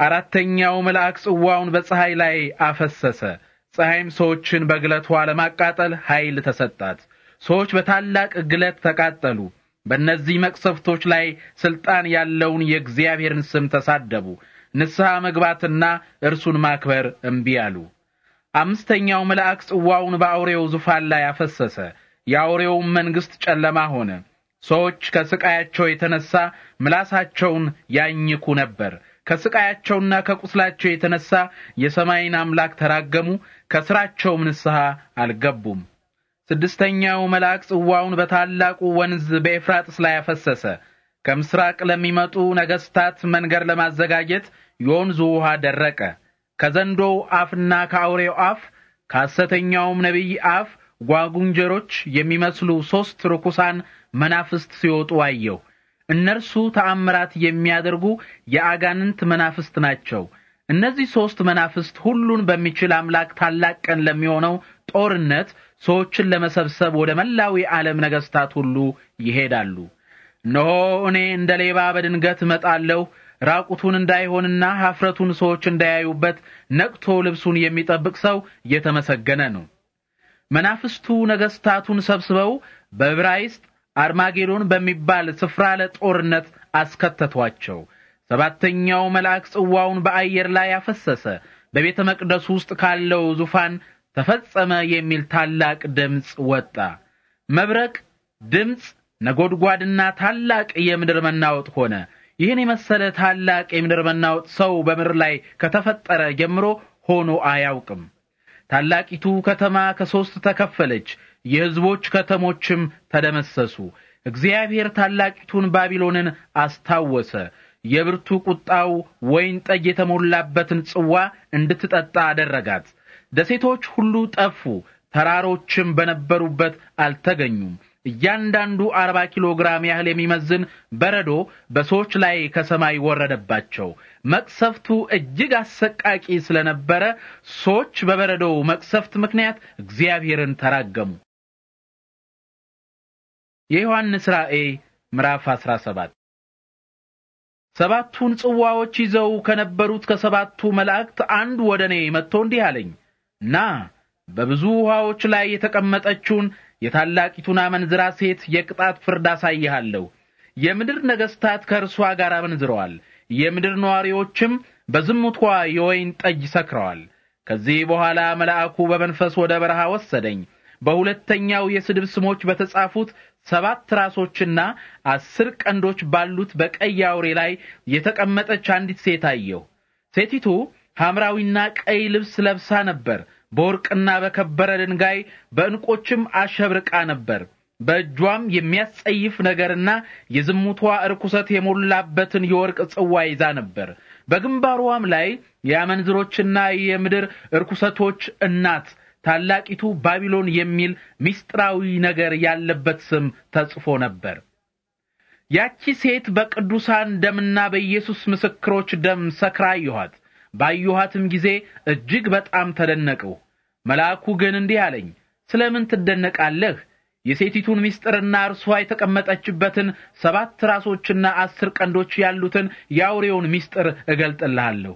[SPEAKER 1] አራተኛው መልአክ ጽዋውን በፀሐይ ላይ አፈሰሰ። ፀሐይም ሰዎችን በግለቷ ለማቃጠል ኃይል ተሰጣት። ሰዎች በታላቅ ግለት ተቃጠሉ። በእነዚህ መቅሰፍቶች ላይ ስልጣን ያለውን የእግዚአብሔርን ስም ተሳደቡ። ንስሐ መግባትና እርሱን ማክበር እምቢ አሉ። አምስተኛው መልአክ ጽዋውን በአውሬው ዙፋን ላይ አፈሰሰ። የአውሬውም መንግሥት ጨለማ ሆነ። ሰዎች ከስቃያቸው የተነሳ ምላሳቸውን ያኝኩ ነበር። ከስቃያቸውና ከቁስላቸው የተነሳ የሰማይን አምላክ ተራገሙ፣ ከስራቸውም ንስሐ አልገቡም። ስድስተኛው መልአክ ጽዋውን በታላቁ ወንዝ በኤፍራጥስ ላይ አፈሰሰ። ከምስራቅ ለሚመጡ ነገስታት መንገድ ለማዘጋጀት የወንዙ ውሃ ደረቀ። ከዘንዶው አፍና ከአውሬው አፍ ከሐሰተኛውም ነቢይ አፍ ጓጉንጀሮች የሚመስሉ ሦስት ርኩሳን መናፍስት ሲወጡ አየሁ። እነርሱ ተአምራት የሚያደርጉ የአጋንንት መናፍስት ናቸው። እነዚህ ሦስት መናፍስት ሁሉን በሚችል አምላክ ታላቅ ቀን ለሚሆነው ጦርነት ሰዎችን ለመሰብሰብ ወደ መላዊ ዓለም ነገሥታት ሁሉ ይሄዳሉ። እነሆ እኔ እንደ ሌባ በድንገት እመጣለሁ። ራቁቱን እንዳይሆንና ሀፍረቱን ሰዎች እንዳያዩበት ነቅቶ ልብሱን የሚጠብቅ ሰው የተመሰገነ ነው። መናፍስቱ ነገሥታቱን ሰብስበው በዕብራይስጥ አርማጌዶን በሚባል ስፍራ ለጦርነት አስከተቷቸው። ሰባተኛው መልአክ ጽዋውን በአየር ላይ አፈሰሰ። በቤተ መቅደሱ ውስጥ ካለው ዙፋን ተፈጸመ የሚል ታላቅ ድምፅ ወጣ። መብረቅ ድምፅ፣ ነጎድጓድና ታላቅ የምድር መናወጥ ሆነ። ይህን የመሰለ ታላቅ የምድር መናወጥ ሰው በምድር ላይ ከተፈጠረ ጀምሮ ሆኖ አያውቅም። ታላቂቱ ከተማ ከሶስት ተከፈለች፣ የሕዝቦች ከተሞችም ተደመሰሱ። እግዚአብሔር ታላቂቱን ባቢሎንን አስታወሰ። የብርቱ ቁጣው ወይን ጠጅ የተሞላበትን ጽዋ እንድትጠጣ አደረጋት። ደሴቶች ሁሉ ጠፉ፣ ተራሮችም በነበሩበት አልተገኙም። እያንዳንዱ አርባ ኪሎ ግራም ያህል የሚመዝን በረዶ በሰዎች ላይ ከሰማይ ወረደባቸው። መቅሰፍቱ እጅግ አሰቃቂ ስለነበረ ሰዎች በበረዶው መቅሰፍት ምክንያት
[SPEAKER 2] እግዚአብሔርን ተራገሙ። የዮሐንስ ራእይ ምዕራፍ 17 ሰባቱን ጽዋዎች ይዘው ከነበሩት
[SPEAKER 1] ከሰባቱ መላእክት አንዱ ወደ እኔ መጥቶ እንዲህ አለኝ ና በብዙ ውሃዎች ላይ የተቀመጠችውን የታላቂቱን አመንዝራ ሴት የቅጣት ፍርድ አሳይሃለሁ። የምድር ነገሥታት ከእርሷ ጋር አመንዝረዋል፣ የምድር ነዋሪዎችም በዝሙቷ የወይን ጠጅ ሰክረዋል። ከዚህ በኋላ መልአኩ በመንፈስ ወደ በረሃ ወሰደኝ። በሁለተኛው የስድብ ስሞች በተጻፉት ሰባት ራሶችና አስር ቀንዶች ባሉት በቀይ አውሬ ላይ የተቀመጠች አንዲት ሴት አየሁ። ሴቲቱ ሐምራዊና ቀይ ልብስ ለብሳ ነበር። በወርቅና በከበረ ድንጋይ በእንቆችም አሸብርቃ ነበር። በእጇም የሚያስጸይፍ ነገርና የዝሙቷ ርኩሰት የሞላበትን የወርቅ ጽዋ ይዛ ነበር። በግንባሯም ላይ የአመንዝሮችና የምድር ርኩሰቶች እናት ታላቂቱ ባቢሎን የሚል ምስጢራዊ ነገር ያለበት ስም ተጽፎ ነበር። ያቺ ሴት በቅዱሳን ደምና በኢየሱስ ምስክሮች ደም ሰክራ ይኋት ባየኋትም ጊዜ እጅግ በጣም ተደነቅሁ። መልአኩ ግን እንዲህ አለኝ፣ ስለምን ትደነቃለህ? የሴቲቱን ምስጢርና እርሷ የተቀመጠችበትን ሰባት ራሶችና አስር ቀንዶች ያሉትን የአውሬውን ምስጢር እገልጥልሃለሁ።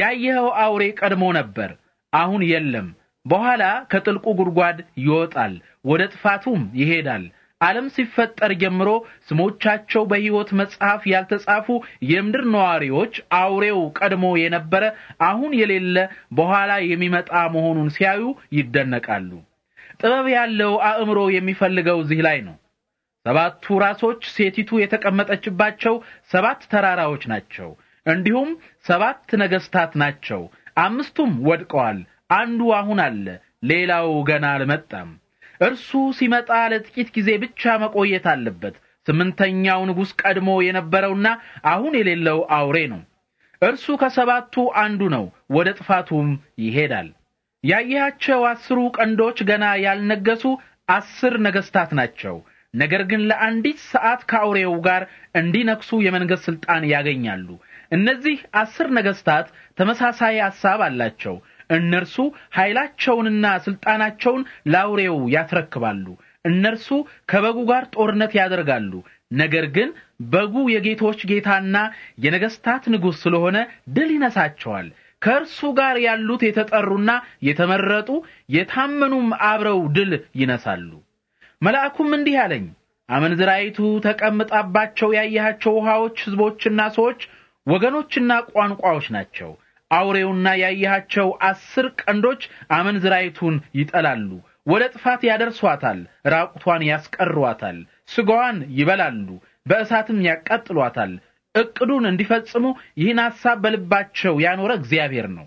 [SPEAKER 1] ያየኸው አውሬ ቀድሞ ነበር፣ አሁን የለም። በኋላ ከጥልቁ ጉድጓድ ይወጣል፣ ወደ ጥፋቱም ይሄዳል። ዓለም ሲፈጠር ጀምሮ ስሞቻቸው በሕይወት መጽሐፍ ያልተጻፉ የምድር ነዋሪዎች አውሬው ቀድሞ የነበረ አሁን የሌለ በኋላ የሚመጣ መሆኑን ሲያዩ ይደነቃሉ። ጥበብ ያለው አእምሮ የሚፈልገው እዚህ ላይ ነው። ሰባቱ ራሶች ሴቲቱ የተቀመጠችባቸው ሰባት ተራራዎች ናቸው። እንዲሁም ሰባት ነገስታት ናቸው። አምስቱም ወድቀዋል። አንዱ አሁን አለ፣ ሌላው ገና አልመጣም። እርሱ ሲመጣ ለጥቂት ጊዜ ብቻ መቆየት አለበት። ስምንተኛው ንጉሥ ቀድሞ የነበረውና አሁን የሌለው አውሬ ነው። እርሱ ከሰባቱ አንዱ ነው፣ ወደ ጥፋቱም ይሄዳል። ያየሃቸው አስሩ ቀንዶች ገና ያልነገሱ አስር ነገሥታት ናቸው። ነገር ግን ለአንዲት ሰዓት ከአውሬው ጋር እንዲነግሱ የመንገሥ ሥልጣን ያገኛሉ። እነዚህ አስር ነገሥታት ተመሳሳይ ሐሳብ አላቸው። እነርሱ ኃይላቸውንና ሥልጣናቸውን ላውሬው ያስረክባሉ። እነርሱ ከበጉ ጋር ጦርነት ያደርጋሉ። ነገር ግን በጉ የጌቶች ጌታና የነገሥታት ንጉሥ ስለሆነ ድል ይነሳቸዋል። ከእርሱ ጋር ያሉት የተጠሩና የተመረጡ የታመኑም አብረው ድል ይነሳሉ። መልአኩም እንዲህ አለኝ፣ አመንዝራይቱ ተቀምጣባቸው ያየሃቸው ውሃዎች ሕዝቦችና ሰዎች፣ ወገኖችና ቋንቋዎች ናቸው። አውሬውና ያየሃቸው አስር ቀንዶች አመንዝራይቱን ይጠላሉ፣ ወደ ጥፋት ያደርሷታል፣ ራቁቷን ያስቀሯታል፣ ስጋዋን ይበላሉ፣ በእሳትም ያቃጥሏታል። እቅዱን እንዲፈጽሙ ይህን ሐሳብ በልባቸው ያኖረ እግዚአብሔር ነው።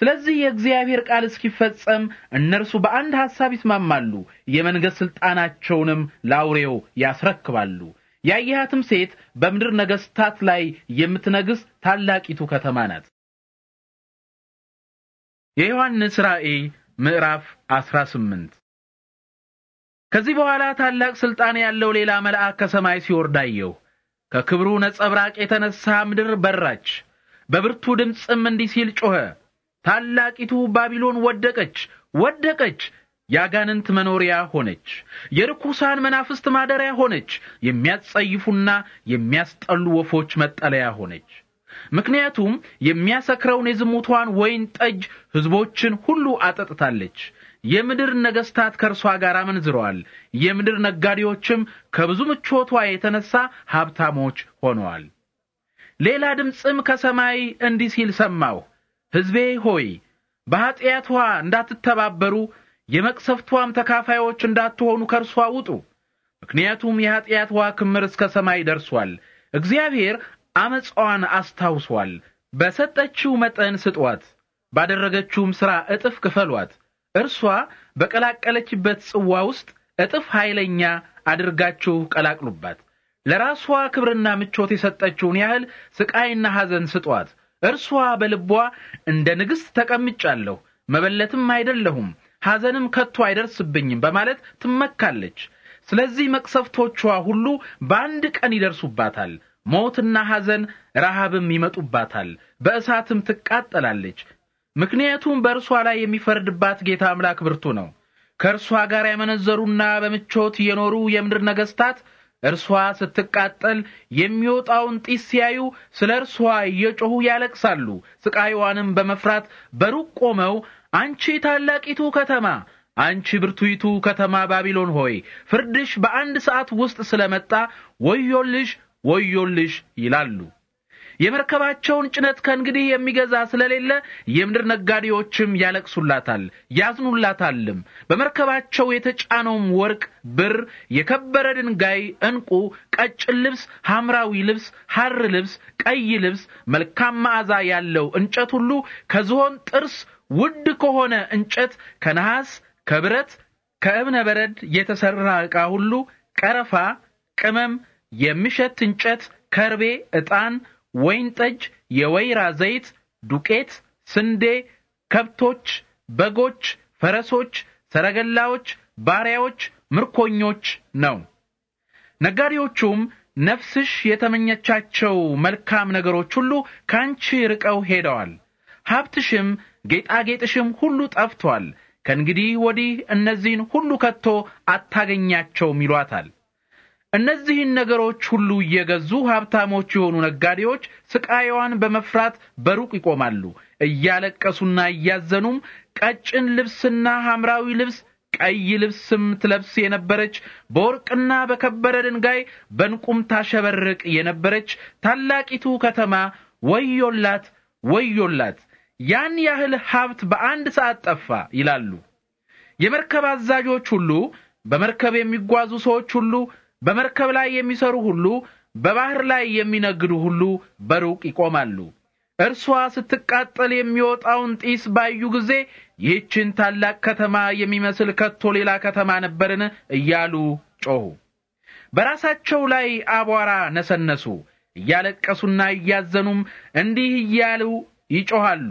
[SPEAKER 1] ስለዚህ የእግዚአብሔር ቃል እስኪፈጸም እነርሱ በአንድ ሐሳብ ይስማማሉ፣ የመንግሥት ሥልጣናቸውንም ለአውሬው ያስረክባሉ። ያየሃትም ሴት በምድር ነገሥታት ላይ የምትነግሥ ታላቂቱ ከተማ ናት።
[SPEAKER 2] የዮሐንስ ራእይ ምዕራፍ 18 ከዚህ በኋላ ታላቅ ስልጣን ያለው ሌላ መልአክ ከሰማይ
[SPEAKER 1] ሲወርድ አየሁ። ከክብሩ ነጸብራቅ የተነሳ ምድር በራች። በብርቱ ድምፅም እንዲህ ሲል ጮኸ፣ ታላቂቱ ባቢሎን ወደቀች፣ ወደቀች የአጋንንት መኖሪያ ሆነች፣ የርኩሳን መናፍስት ማደሪያ ሆነች፣ የሚያጸይፉና የሚያስጠሉ ወፎች መጠለያ ሆነች። ምክንያቱም የሚያሰክረውን የዝሙቷን ወይን ጠጅ ሕዝቦችን ሁሉ አጠጥታለች። የምድር ነገሥታት ከእርሷ ጋር አመንዝረዋል። የምድር ነጋዴዎችም ከብዙ ምቾቷ የተነሳ ሀብታሞች ሆነዋል። ሌላ ድምፅም ከሰማይ እንዲህ ሲል ሰማሁ። ሕዝቤ ሆይ በኀጢአቷ እንዳትተባበሩ የመቅሰፍቷም ተካፋዮች እንዳትሆኑ ከእርሷ ውጡ። ምክንያቱም የኀጢአትዋ ክምር እስከ ሰማይ ደርሷል። እግዚአብሔር አመፃዋን አስታውሷል። በሰጠችው መጠን ስጧት፣ ባደረገችውም ሥራ እጥፍ ክፈሏት። እርሷ በቀላቀለችበት ጽዋ ውስጥ እጥፍ ኃይለኛ አድርጋችሁ ቀላቅሉባት። ለራሷ ክብርና ምቾት የሰጠችውን ያህል ስቃይና ሐዘን ስጧት። እርሷ በልቧ እንደ ንግሥት ተቀምጫለሁ፣ መበለትም አይደለሁም፣ ሐዘንም ከቶ አይደርስብኝም በማለት ትመካለች። ስለዚህ መቅሰፍቶቿ ሁሉ በአንድ ቀን ይደርሱባታል። ሞትና ሐዘን ረሃብም ይመጡባታል፣ በእሳትም ትቃጠላለች። ምክንያቱም በእርሷ ላይ የሚፈርድባት ጌታ አምላክ ብርቱ ነው። ከእርሷ ጋር ያመነዘሩና በምቾት የኖሩ የምድር ነገሥታት እርሷ ስትቃጠል የሚወጣውን ጢስ ሲያዩ ስለ እርሷ እየጮኹ ያለቅሳሉ። ስቃይዋንም በመፍራት በሩቅ ቆመው አንቺ ታላቂቱ ከተማ አንቺ ብርቱይቱ ከተማ ባቢሎን ሆይ ፍርድሽ በአንድ ሰዓት ውስጥ ስለመጣ ወዮልሽ ወዮልሽ ይላሉ። የመርከባቸውን ጭነት ከእንግዲህ የሚገዛ ስለሌለ የምድር ነጋዴዎችም ያለቅሱላታል፣ ያዝኑላታልም። በመርከባቸው የተጫነውም ወርቅ፣ ብር፣ የከበረ ድንጋይ፣ ዕንቁ፣ ቀጭን ልብስ፣ ሐምራዊ ልብስ፣ ሐር ልብስ፣ ቀይ ልብስ፣ መልካም መዓዛ ያለው እንጨት ሁሉ ከዝሆን ጥርስ ውድ ከሆነ እንጨት፣ ከነሐስ፣ ከብረት፣ ከእብነ በረድ የተሠራ ዕቃ ሁሉ ቀረፋ፣ ቅመም የሚሸት እንጨት፣ ከርቤ፣ ዕጣን፣ ወይን ጠጅ፣ የወይራ ዘይት፣ ዱቄት፣ ስንዴ፣ ከብቶች፣ በጎች፣ ፈረሶች፣ ሰረገላዎች፣ ባሪያዎች፣ ምርኮኞች ነው። ነጋዴዎቹም ነፍስሽ የተመኘቻቸው መልካም ነገሮች ሁሉ ካንቺ ርቀው ሄደዋል። ሀብትሽም ጌጣጌጥሽም ሁሉ ጠፍቷል። ከእንግዲህ ወዲህ እነዚህን ሁሉ ከቶ አታገኛቸውም ይሏታል። እነዚህን ነገሮች ሁሉ እየገዙ ሀብታሞች የሆኑ ነጋዴዎች ስቃይዋን በመፍራት በሩቅ ይቆማሉ። እያለቀሱና እያዘኑም ቀጭን ልብስና ሐምራዊ ልብስ ቀይ ልብስም ትለብስ የነበረች በወርቅና በከበረ ድንጋይ በንቁም ታሸበርቅ የነበረች ታላቂቱ ከተማ ወዮላት ወዮላት! ያን ያህል ሀብት በአንድ ሰዓት ጠፋ ይላሉ። የመርከብ አዛዦች ሁሉ፣ በመርከብ የሚጓዙ ሰዎች ሁሉ በመርከብ ላይ የሚሰሩ ሁሉ፣ በባህር ላይ የሚነግዱ ሁሉ በሩቅ ይቆማሉ። እርሷ ስትቃጠል የሚወጣውን ጢስ ባዩ ጊዜ ይህችን ታላቅ ከተማ የሚመስል ከቶ ሌላ ከተማ ነበርን? እያሉ ጮኹ። በራሳቸው ላይ አቧራ ነሰነሱ። እያለቀሱና እያዘኑም እንዲህ እያሉ ይጮኻሉ።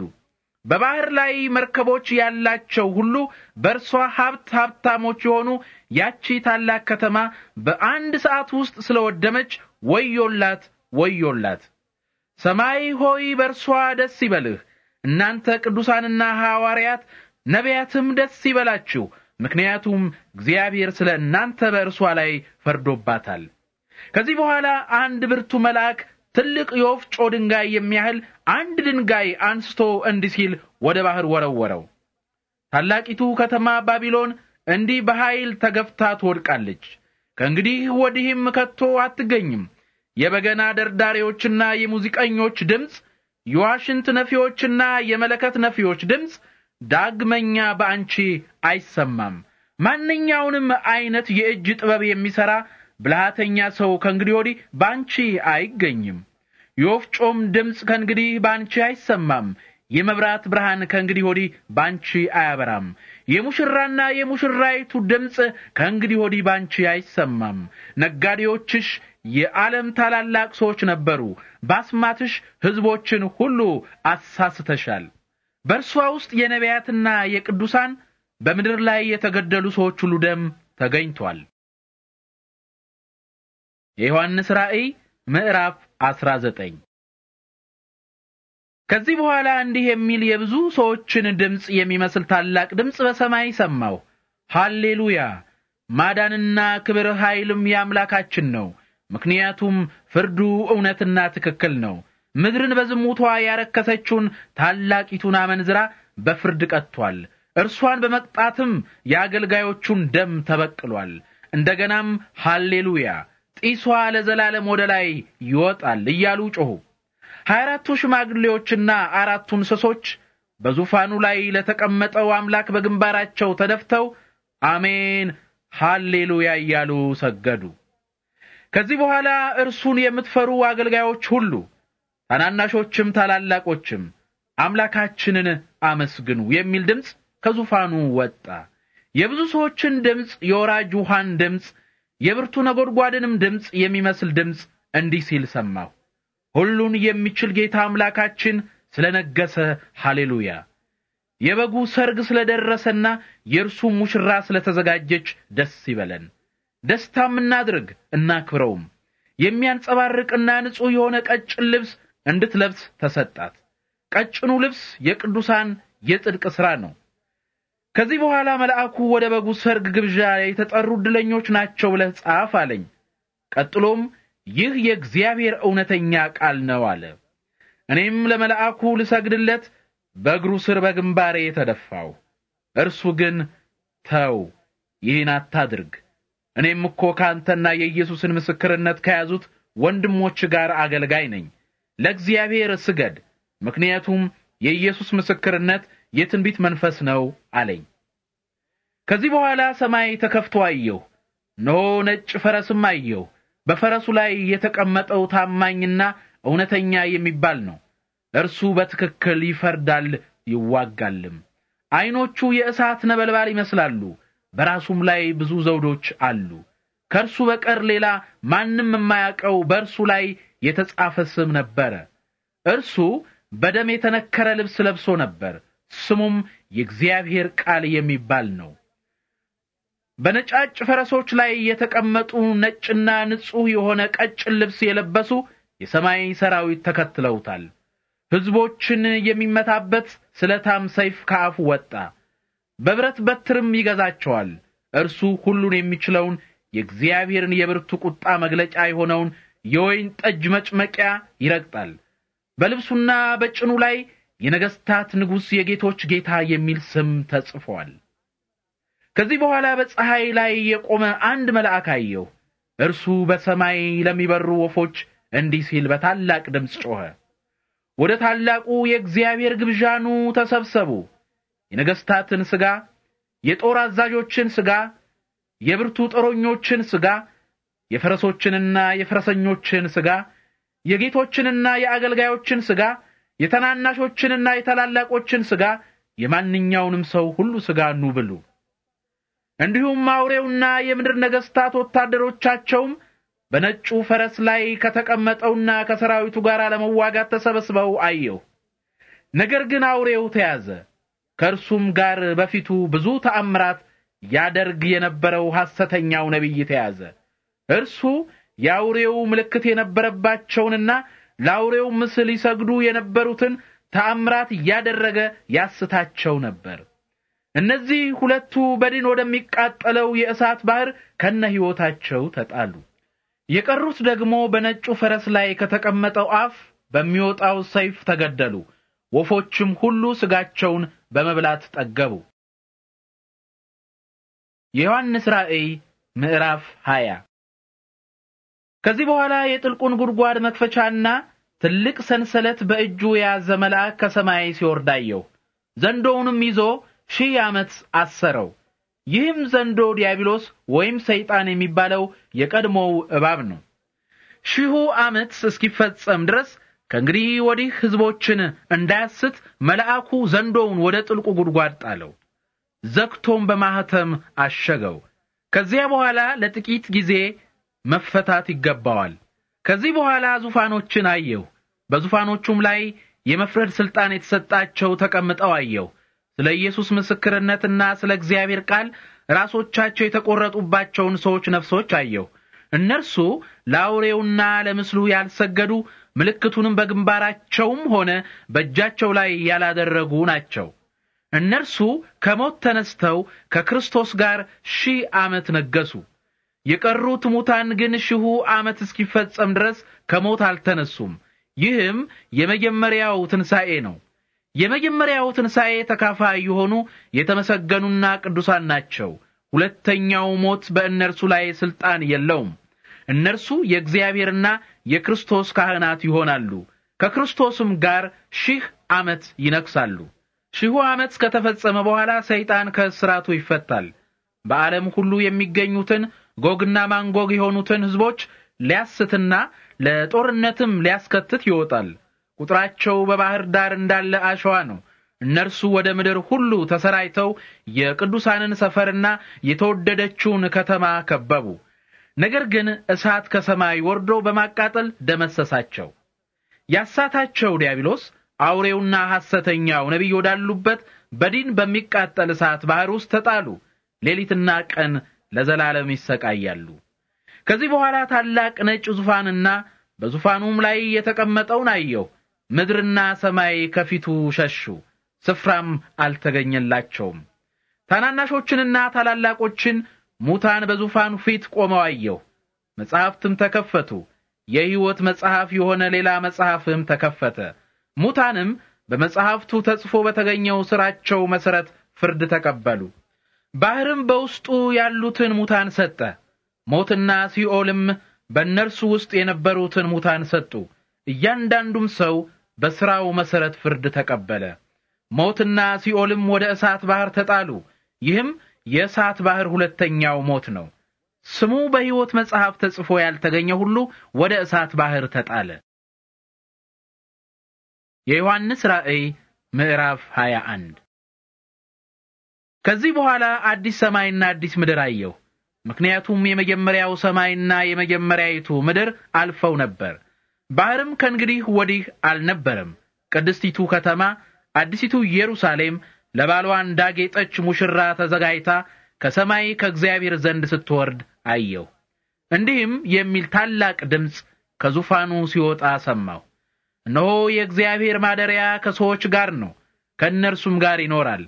[SPEAKER 1] በባህር ላይ መርከቦች ያላቸው ሁሉ በእርሷ ሀብት ሀብታሞች የሆኑ ያቺ ታላቅ ከተማ በአንድ ሰዓት ውስጥ ስለወደመች ወዮላት ወዮላት። ሰማይ ሆይ በእርሷ ደስ ይበልህ። እናንተ ቅዱሳንና ሐዋርያት ነቢያትም ደስ ይበላችሁ፣ ምክንያቱም እግዚአብሔር ስለ እናንተ በእርሷ ላይ ፈርዶባታል። ከዚህ በኋላ አንድ ብርቱ መልአክ ትልቅ የወፍጮ ድንጋይ የሚያህል አንድ ድንጋይ አንስቶ እንዲህ ሲል ወደ ባህር ወረወረው። ታላቂቱ ከተማ ባቢሎን እንዲህ በኃይል ተገፍታ ትወድቃለች፣ ከእንግዲህ ወዲህም ከቶ አትገኝም። የበገና ደርዳሪዎችና የሙዚቀኞች ድምፅ፣ የዋሽንት ነፊዎችና የመለከት ነፊዎች ድምፅ ዳግመኛ በአንቺ አይሰማም። ማንኛውንም አይነት የእጅ ጥበብ የሚሠራ ብልሃተኛ ሰው ከእንግዲህ ወዲህ ባንቺ አይገኝም፣ የወፍጮም ድምፅ ከእንግዲህ ባንቺ አይሰማም፣ የመብራት ብርሃን ከእንግዲህ ወዲህ ባንቺ አያበራም፣ የሙሽራና የሙሽራይቱ ድምፅ ከእንግዲህ ወዲህ ባንቺ አይሰማም። ነጋዴዎችሽ የዓለም ታላላቅ ሰዎች ነበሩ፣ ባስማትሽ ሕዝቦችን ሁሉ አሳስተሻል። በእርሷ ውስጥ የነቢያትና የቅዱሳን በምድር ላይ የተገደሉ
[SPEAKER 2] ሰዎች ሁሉ ደም ተገኝቷል። የዮሐንስ ራእይ ምዕራፍ 19 ከዚህ በኋላ
[SPEAKER 1] እንዲህ የሚል የብዙ ሰዎችን ድምጽ የሚመስል ታላቅ ድምጽ በሰማይ ሰማሁ። ሃሌሉያ! ማዳንና ክብር ኃይልም የአምላካችን ነው፣ ምክንያቱም ፍርዱ እውነትና ትክክል ነው። ምድርን በዝሙቷ ያረከሰችውን ታላቂቱን አመንዝራ በፍርድ ቀጥቷል። እርሷን በመቅጣትም የአገልጋዮቹን ደም ተበቅሏል። እንደገናም ሃሌሉያ ጢሷ ለዘላለም ወደ ላይ ይወጣል እያሉ ጮኹ። ሀያ አራቱ ሽማግሌዎችና አራቱ እንስሶች በዙፋኑ ላይ ለተቀመጠው አምላክ በግንባራቸው ተደፍተው አሜን ሃሌሉያ እያሉ ሰገዱ። ከዚህ በኋላ እርሱን የምትፈሩ አገልጋዮች ሁሉ ታናናሾችም ታላላቆችም አምላካችንን አመስግኑ የሚል ድምፅ ከዙፋኑ ወጣ። የብዙ ሰዎችን ድምፅ፣ የወራጅ ውሃን ድምፅ፣ የብርቱ ነጎድጓድንም ድምፅ የሚመስል ድምፅ እንዲህ ሲል ሰማሁ። ሁሉን የሚችል ጌታ አምላካችን ስለነገሰ ሃሌሉያ። የበጉ ሰርግ ደረሰና የእርሱ ሙሽራ ስለተዘጋጀች ደስ ይበለን። ደስታም እናድርግ እናክብረውም። የሚያንጸባርቅና ንጹሕ የሆነ ቀጭን ልብስ እንድትለብስ ተሰጣት። ቀጭኑ ልብስ የቅዱሳን የጽድቅ ሥራ ነው። ከዚህ በኋላ መልአኩ ወደ በጉ ሰርግ ግብዣ የተጠሩ ዕድለኞች ናቸው ብለህ ጻፍ አለኝ። ቀጥሎም ይህ የእግዚአብሔር እውነተኛ ቃል ነው አለ። እኔም ለመልአኩ ልሰግድለት በእግሩ ስር በግንባሬ የተደፋው። እርሱ ግን ተው፣ ይህን አታድርግ፣ እኔም እኮ ካንተና የኢየሱስን ምስክርነት ከያዙት ወንድሞች ጋር አገልጋይ ነኝ፣ ለእግዚአብሔር ስገድ፣ ምክንያቱም የኢየሱስ ምስክርነት የትንቢት መንፈስ ነው አለኝ። ከዚህ በኋላ ሰማይ ተከፍቶ አየሁ፣ እነሆ ነጭ ፈረስም አየሁ። በፈረሱ ላይ የተቀመጠው ታማኝና እውነተኛ የሚባል ነው። እርሱ በትክክል ይፈርዳል ይዋጋልም። አይኖቹ የእሳት ነበልባል ይመስላሉ፣ በራሱም ላይ ብዙ ዘውዶች አሉ። ከእርሱ በቀር ሌላ ማንም የማያውቀው በእርሱ ላይ የተጻፈ ስም ነበረ። እርሱ በደም የተነከረ ልብስ ለብሶ ነበር። ስሙም የእግዚአብሔር ቃል የሚባል ነው። በነጫጭ ፈረሶች ላይ የተቀመጡ ነጭና ንጹሕ የሆነ ቀጭን ልብስ የለበሱ የሰማይ ሰራዊት ተከትለውታል። ሕዝቦችን የሚመታበት ስለታም ሰይፍ ከአፉ ወጣ፣ በብረት በትርም ይገዛቸዋል። እርሱ ሁሉን የሚችለውን የእግዚአብሔርን የብርቱ ቁጣ መግለጫ የሆነውን የወይን ጠጅ መጭመቂያ ይረግጣል። በልብሱና በጭኑ ላይ የነገስታት ንጉስ የጌቶች ጌታ የሚል ስም ተጽፏል። ከዚህ በኋላ በፀሐይ ላይ የቆመ አንድ መልአክ አየሁ። እርሱ በሰማይ ለሚበሩ ወፎች እንዲህ ሲል በታላቅ ድምፅ ጮኸ። ወደ ታላቁ የእግዚአብሔር ግብዣኑ ተሰብሰቡ። የነገስታትን ሥጋ፣ የጦር አዛዦችን ሥጋ፣ የብርቱ ጦረኞችን ሥጋ፣ የፈረሶችንና የፈረሰኞችን ሥጋ፣ የጌቶችንና የአገልጋዮችን ሥጋ የተናናሾችንና የታላላቆችን ሥጋ የማንኛውንም ሰው ሁሉ ሥጋ ኑ ብሉ። እንዲሁም አውሬውና የምድር ነገሥታት ወታደሮቻቸውም በነጩ ፈረስ ላይ ከተቀመጠውና ከሰራዊቱ ጋር ለመዋጋት ተሰብስበው አየሁ። ነገር ግን አውሬው ተያዘ፣ ከእርሱም ጋር በፊቱ ብዙ ተአምራት ያደርግ የነበረው ሐሰተኛው ነቢይ ተያዘ። እርሱ የአውሬው ምልክት የነበረባቸውንና ለአውሬው ምስል ይሰግዱ የነበሩትን ተአምራት እያደረገ ያስታቸው ነበር። እነዚህ ሁለቱ በድን ወደሚቃጠለው የእሳት ባህር ከነ ሕይወታቸው ተጣሉ። የቀሩት ደግሞ በነጩ ፈረስ ላይ ከተቀመጠው አፍ በሚወጣው ሰይፍ ተገደሉ።
[SPEAKER 2] ወፎችም ሁሉ ስጋቸውን በመብላት ጠገቡ። የዮሐንስ ራእይ ምዕራፍ 20 ከዚህ በኋላ
[SPEAKER 1] የጥልቁን ጉድጓድ መክፈቻና ትልቅ ሰንሰለት በእጁ የያዘ መልአክ ከሰማይ ሲወርድ አየሁ። ዘንዶውንም ይዞ ሺህ ዓመት አሰረው። ይህም ዘንዶ ዲያብሎስ ወይም ሰይጣን የሚባለው የቀድሞው እባብ ነው። ሺሁ ዓመት እስኪፈጸም ድረስ ከእንግዲህ ወዲህ ሕዝቦችን እንዳያስት መልአኩ ዘንዶውን ወደ ጥልቁ ጉድጓድ ጣለው፣ ዘግቶም በማኅተም አሸገው። ከዚያ በኋላ ለጥቂት ጊዜ መፈታት ይገባዋል። ከዚህ በኋላ ዙፋኖችን አየሁ። በዙፋኖቹም ላይ የመፍረድ ሥልጣን የተሰጣቸው ተቀምጠው አየሁ። ስለ ኢየሱስ ምስክርነትና ስለ እግዚአብሔር ቃል ራሶቻቸው የተቆረጡባቸውን ሰዎች ነፍሶች አየሁ። እነርሱ ለአውሬውና ለምስሉ ያልሰገዱ ምልክቱንም በግንባራቸውም ሆነ በእጃቸው ላይ ያላደረጉ ናቸው። እነርሱ ከሞት ተነስተው ከክርስቶስ ጋር ሺህ ዓመት ነገሱ። የቀሩት ሙታን ግን ሺሁ ዓመት እስኪፈጸም ድረስ ከሞት አልተነሱም። ይህም የመጀመሪያው ትንሣኤ ነው። የመጀመሪያው ትንሣኤ ተካፋይ የሆኑ የተመሰገኑና ቅዱሳን ናቸው። ሁለተኛው ሞት በእነርሱ ላይ ሥልጣን የለውም። እነርሱ የእግዚአብሔርና የክርስቶስ ካህናት ይሆናሉ። ከክርስቶስም ጋር ሺህ ዓመት ይነክሳሉ። ሺሁ ዓመት ከተፈጸመ በኋላ ሰይጣን ከእስራቱ ይፈታል። በዓለም ሁሉ የሚገኙትን ጎግና ማንጎግ የሆኑትን ሕዝቦች ሊያስትና ለጦርነትም ሊያስከትት ይወጣል። ቁጥራቸው በባህር ዳር እንዳለ አሸዋ ነው። እነርሱ ወደ ምድር ሁሉ ተሰራይተው የቅዱሳንን ሰፈርና የተወደደችውን ከተማ ከበቡ። ነገር ግን እሳት ከሰማይ ወርዶ በማቃጠል ደመሰሳቸው። ያሳታቸው ዲያብሎስ አውሬውና ሐሰተኛው ነቢይ ወዳሉበት በዲን በሚቃጠል እሳት ባህር ውስጥ ተጣሉ። ሌሊትና ቀን ለዘላለም ይሰቃያሉ። ከዚህ በኋላ ታላቅ ነጭ ዙፋንና በዙፋኑም ላይ የተቀመጠውን አየሁ። ምድርና ሰማይ ከፊቱ ሸሹ፣ ስፍራም አልተገኘላቸውም። ታናናሾችንና ታላላቆችን ሙታን በዙፋኑ ፊት ቆመው አየሁ። መጽሐፍትም ተከፈቱ። የሕይወት መጽሐፍ የሆነ ሌላ መጽሐፍም ተከፈተ። ሙታንም በመጽሐፍቱ ተጽፎ በተገኘው ሥራቸው መሠረት ፍርድ ተቀበሉ። ባሕርም በውስጡ ያሉትን ሙታን ሰጠ። ሞትና ሲኦልም በእነርሱ ውስጥ የነበሩትን ሙታን ሰጡ። እያንዳንዱም ሰው በሥራው መሠረት ፍርድ ተቀበለ። ሞትና ሲኦልም ወደ እሳት ባሕር ተጣሉ። ይህም የእሳት ባሕር ሁለተኛው ሞት ነው። ስሙ በሕይወት መጽሐፍ ተጽፎ ያልተገኘ ሁሉ ወደ
[SPEAKER 2] እሳት ባሕር ተጣለ። የዮሐንስ ራእይ ምዕራፍ 21 ከዚህ በኋላ አዲስ ሰማይና
[SPEAKER 1] አዲስ ምድር አየሁ። ምክንያቱም የመጀመሪያው ሰማይና የመጀመሪያይቱ ምድር አልፈው ነበር። ባህርም ከእንግዲህ ወዲህ አልነበረም። ቅድስቲቱ ከተማ አዲሲቱ ኢየሩሳሌም ለባሏ እንዳጌጠች ሙሽራ ተዘጋጅታ ከሰማይ ከእግዚአብሔር ዘንድ ስትወርድ አየሁ። እንዲህም የሚል ታላቅ ድምፅ ከዙፋኑ ሲወጣ ሰማሁ። እነሆ የእግዚአብሔር ማደሪያ ከሰዎች ጋር ነው፣ ከእነርሱም ጋር ይኖራል፣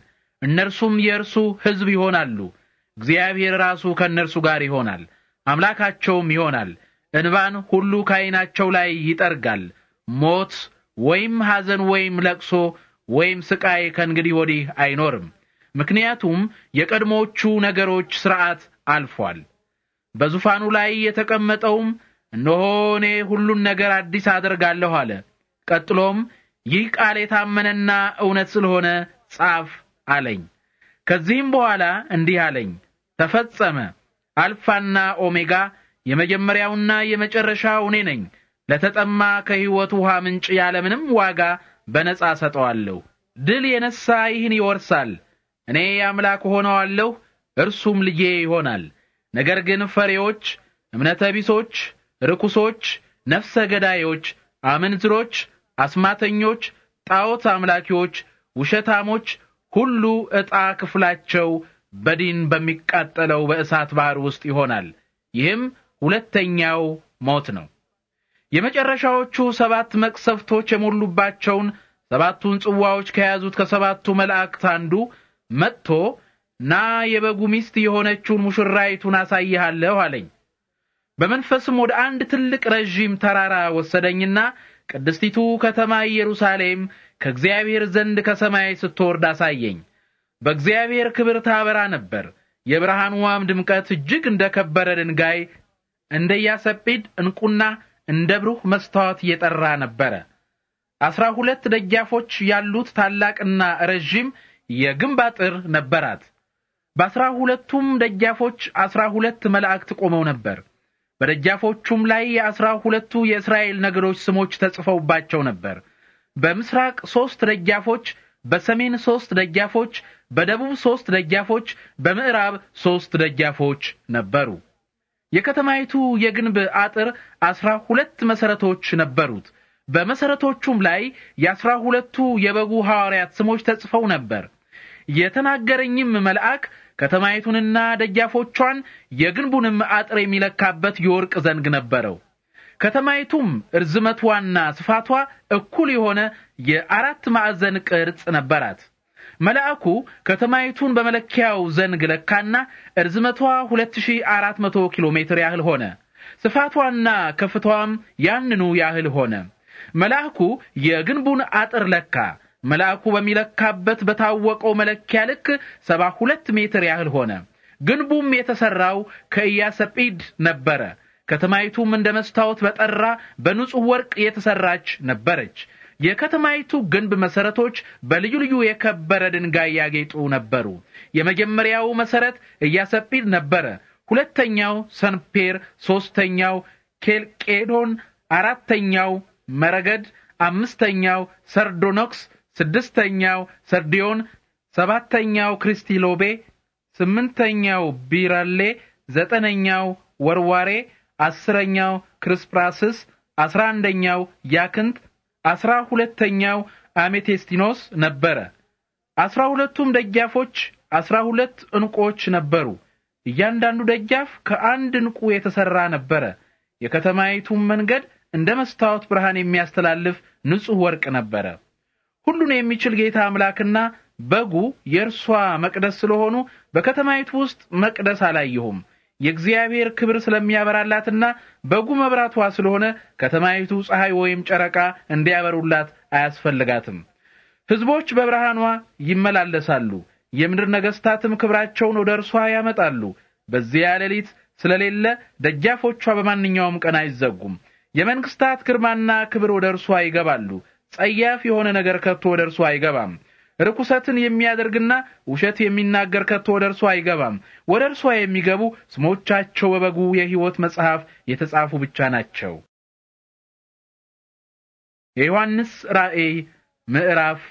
[SPEAKER 1] እነርሱም የእርሱ ሕዝብ ይሆናሉ። እግዚአብሔር ራሱ ከእነርሱ ጋር ይሆናል፣ አምላካቸውም ይሆናል። እንባን ሁሉ ከዓይናቸው ላይ ይጠርጋል። ሞት ወይም ሐዘን ወይም ለቅሶ ወይም ስቃይ ከእንግዲህ ወዲህ አይኖርም፣ ምክንያቱም የቀድሞቹ ነገሮች ሥርዓት አልፏል። በዙፋኑ ላይ የተቀመጠውም እነሆ እኔ ሁሉን ነገር አዲስ አደርጋለሁ አለ። ቀጥሎም ይህ ቃል የታመነና እውነት ስለሆነ ጻፍ አለኝ። ከዚህም በኋላ እንዲህ አለኝ፣ ተፈጸመ። አልፋና ኦሜጋ የመጀመሪያውና የመጨረሻው እኔ ነኝ። ለተጠማ ከሕይወት ውሃ ምንጭ ያለምንም ዋጋ በነጻ ሰጠዋለሁ። ድል የነሳ ይህን ይወርሳል። እኔ አምላክ ሆነዋለሁ፣ እርሱም ልጄ ይሆናል። ነገር ግን ፈሪዎች፣ እምነተ ቢሶች፣ ርኩሶች፣ ነፍሰ ገዳዮች፣ አመንዝሮች፣ አስማተኞች፣ ጣዖት አምላኪዎች፣ ውሸታሞች ሁሉ ዕጣ ክፍላቸው በዲን በሚቃጠለው በእሳት ባህር ውስጥ ይሆናል። ይህም ሁለተኛው ሞት ነው። የመጨረሻዎቹ ሰባት መቅሰፍቶች የሞሉባቸውን ሰባቱን ጽዋዎች ከያዙት ከሰባቱ መላእክት አንዱ መጥቶ ና የበጉ ሚስት የሆነችውን ሙሽራይቱን አሳይሃለሁ አለኝ። በመንፈስም ወደ አንድ ትልቅ ረዥም ተራራ ወሰደኝና ቅድስቲቱ ከተማ ኢየሩሳሌም ከእግዚአብሔር ዘንድ ከሰማይ ስትወርድ አሳየኝ። በእግዚአብሔር ክብር ታበራ ነበር። የብርሃንዋም ድምቀት እጅግ እንደ ከበረ ድንጋይ፣ እንደ ያሰጲድ ዕንቁና እንደ ብሩህ መስታወት እየጠራ ነበረ። አስራ ሁለት ደጃፎች ያሉት ታላቅና ረዥም የግንብ አጥር ነበራት። በአስራ ሁለቱም ደጃፎች አስራ ሁለት መላእክት ቆመው ነበር። በደጃፎቹም ላይ የአስራ ሁለቱ የእስራኤል ነገዶች ስሞች ተጽፈውባቸው ነበር። በምስራቅ ሦስት ደጃፎች፣ በሰሜን ሦስት ደጃፎች፣ በደቡብ ሶስት ደጃፎች፣ በምዕራብ ሶስት ደጃፎች ነበሩ። የከተማይቱ የግንብ አጥር አስራ ሁለት መሰረቶች ነበሩት። በመሰረቶቹም ላይ የአስራ ሁለቱ የበጉ ሐዋርያት ስሞች ተጽፈው ነበር። የተናገረኝም መልአክ ከተማይቱንና ደጃፎቿን የግንቡንም አጥር የሚለካበት የወርቅ ዘንግ ነበረው። ከተማይቱም እርዝመቷና ስፋቷ እኩል የሆነ የአራት ማዕዘን ቅርጽ ነበራት። መልአኩ ከተማይቱን በመለኪያው ዘንግ ለካና እርዝመቷ 2400 ኪሎ ሜትር ያህል ሆነ። ስፋቷና ከፍቷም ያንኑ ያህል ሆነ። መልአኩ የግንቡን አጥር ለካ። መልአኩ በሚለካበት በታወቀው መለኪያ ልክ 72 ሜትር ያህል ሆነ። ግንቡም የተሰራው ከኢያሰጲድ ነበረ። ከተማይቱም እንደ መስታወት በጠራ በንጹሕ ወርቅ የተሰራች ነበረች። የከተማይቱ ግንብ መሰረቶች በልዩ ልዩ የከበረ ድንጋይ ያጌጡ ነበሩ። የመጀመሪያው መሰረት ኢያሰጲድ ነበረ። ሁለተኛው ሰንፔር፣ ሶስተኛው ኬልቄዶን፣ አራተኛው መረገድ፣ አምስተኛው ሰርዶኖክስ፣ ስድስተኛው ሰርዲዮን፣ ሰባተኛው ክሪስቲሎቤ፣ ስምንተኛው ቢራሌ፣ ዘጠነኛው ወርዋሬ፣ አስረኛው ክርስፕራስስ፣ አስራ አንደኛው ያክንት፣ አስራ ሁለተኛው አሜቴስቲኖስ ነበረ። አስራ ሁለቱም ደጃፎች አስራ ሁለት ነበሩ። እያንዳንዱ ደጃፍ ከአንድ እንቁ የተሰራ ነበረ። የከተማይቱም መንገድ እንደ መስታወት ብርሃን የሚያስተላልፍ ንጹሕ ወርቅ ነበረ። ሁሉን የሚችል ጌታ አምላክና በጉ የእርሷ መቅደስ ስለሆኑ በከተማይቱ ውስጥ መቅደስ አላየሁም። የእግዚአብሔር ክብር ስለሚያበራላትና በጉ መብራቷ ስለሆነ ከተማይቱ ፀሐይ ወይም ጨረቃ እንዲያበሩላት አያስፈልጋትም። ሕዝቦች በብርሃኗ ይመላለሳሉ፣ የምድር ነገሥታትም ክብራቸውን ወደ እርሷ ያመጣሉ። በዚያ ሌሊት ስለሌለ ደጃፎቿ በማንኛውም ቀን አይዘጉም። የመንግስታት ግርማና ክብር ወደ እርሷ ይገባሉ። ጸያፍ የሆነ ነገር ከቶ ወደ እርሷ አይገባም። ርኩሰትን የሚያደርግና ውሸት የሚናገር ከቶ ወደ እርሷ አይገባም። ወደ እርሷ የሚገቡ ስሞቻቸው በበጉ የሕይወት መጽሐፍ የተጻፉ ብቻ ናቸው።
[SPEAKER 2] የዮሐንስ ራእይ ምዕራፍ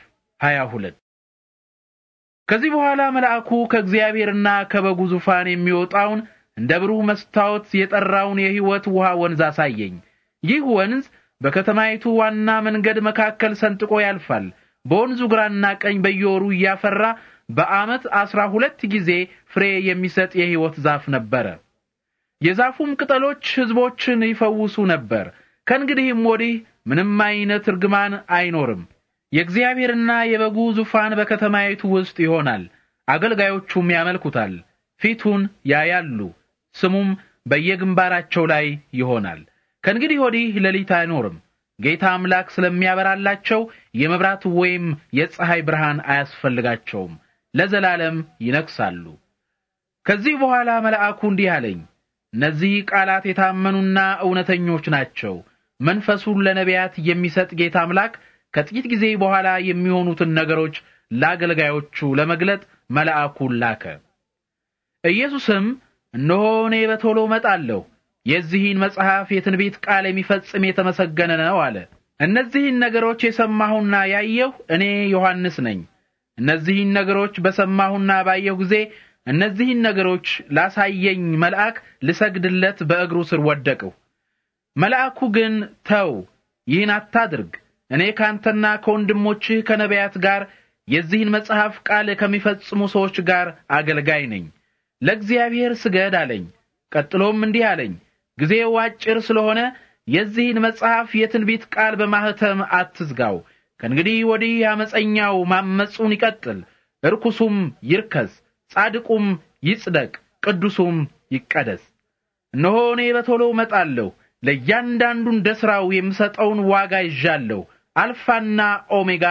[SPEAKER 2] 22 ከዚህ በኋላ መልአኩ ከእግዚአብሔርና ከበጉ ዙፋን
[SPEAKER 1] የሚወጣውን እንደ ብሩህ መስታወት የጠራውን የሕይወት ውሃ ወንዝ አሳየኝ። ይህ ወንዝ በከተማይቱ ዋና መንገድ መካከል ሰንጥቆ ያልፋል። በወንዙ ግራና ቀኝ በየወሩ እያፈራ በዓመት አስራ ሁለት ጊዜ ፍሬ የሚሰጥ የሕይወት ዛፍ ነበረ። የዛፉም ቅጠሎች ሕዝቦችን ይፈውሱ ነበር። ከእንግዲህም ወዲህ ምንም አይነት እርግማን አይኖርም። የእግዚአብሔርና የበጉ ዙፋን በከተማይቱ ውስጥ ይሆናል። አገልጋዮቹም ያመልኩታል፣ ፊቱን ያያሉ፣ ስሙም በየግንባራቸው ላይ ይሆናል። ከእንግዲህ ወዲህ ሌሊት አይኖርም፣ ጌታ አምላክ ስለሚያበራላቸው የመብራት ወይም የፀሐይ ብርሃን አያስፈልጋቸውም፣ ለዘላለም ይነክሳሉ። ከዚህ በኋላ መልአኩ እንዲህ አለኝ፣ እነዚህ ቃላት የታመኑና እውነተኞች ናቸው። መንፈሱን ለነቢያት የሚሰጥ ጌታ አምላክ ከጥቂት ጊዜ በኋላ የሚሆኑትን ነገሮች ለአገልጋዮቹ ለመግለጥ መልአኩን ላከ። ኢየሱስም እነሆ እኔ በቶሎ እመጣለሁ የዚህን መጽሐፍ የትንቢት ቃል የሚፈጽም የተመሰገነ ነው አለ። እነዚህን ነገሮች የሰማሁና ያየሁ እኔ ዮሐንስ ነኝ። እነዚህን ነገሮች በሰማሁና ባየሁ ጊዜ እነዚህን ነገሮች ላሳየኝ መልአክ ልሰግድለት በእግሩ ስር ወደቅሁ። መልአኩ ግን ተው፣ ይህን አታድርግ፣ እኔ ካንተና ከወንድሞችህ ከነቢያት ጋር የዚህን መጽሐፍ ቃል ከሚፈጽሙ ሰዎች ጋር አገልጋይ ነኝ፣ ለእግዚአብሔር ስገድ አለኝ። ቀጥሎም እንዲህ አለኝ፣ ጊዜው አጭር ስለሆነ የዚህን መጽሐፍ የትንቢት ቃል በማህተም አትዝጋው። ከእንግዲህ ወዲህ አመፀኛው ማመፁን ይቀጥል፣ እርኩሱም ይርከስ፣ ጻድቁም ይጽደቅ፣ ቅዱሱም ይቀደስ። እነሆ እኔ በቶሎ እመጣለሁ፣ ለእያንዳንዱ እንደ ሥራው የምሰጠውን ዋጋ ይዣለሁ። አልፋና ኦሜጋ፣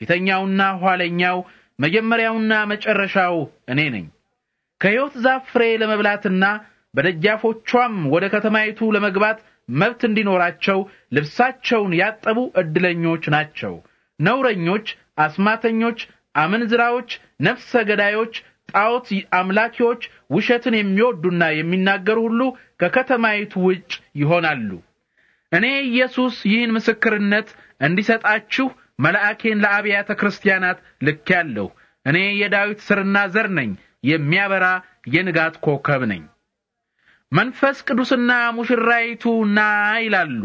[SPEAKER 1] ፊተኛውና ኋለኛው፣ መጀመሪያውና መጨረሻው እኔ ነኝ። ከሕይወት ዛፍ ፍሬ ለመብላትና በደጃፎቿም ወደ ከተማይቱ ለመግባት መብት እንዲኖራቸው ልብሳቸውን ያጠቡ ዕድለኞች ናቸው። ነውረኞች፣ አስማተኞች፣ አመንዝራዎች፣ ነፍሰ ገዳዮች፣ ጣዖት አምላኪዎች፣ ውሸትን የሚወዱና የሚናገሩ ሁሉ ከከተማይቱ ውጭ ይሆናሉ። እኔ ኢየሱስ ይህን ምስክርነት እንዲሰጣችሁ መልአኬን ለአብያተ ክርስቲያናት ልኬአለሁ። እኔ የዳዊት ሥርና ዘር ነኝ፣ የሚያበራ የንጋት ኮከብ ነኝ። መንፈስ ቅዱስና ሙሽራይቱ ና ይላሉ።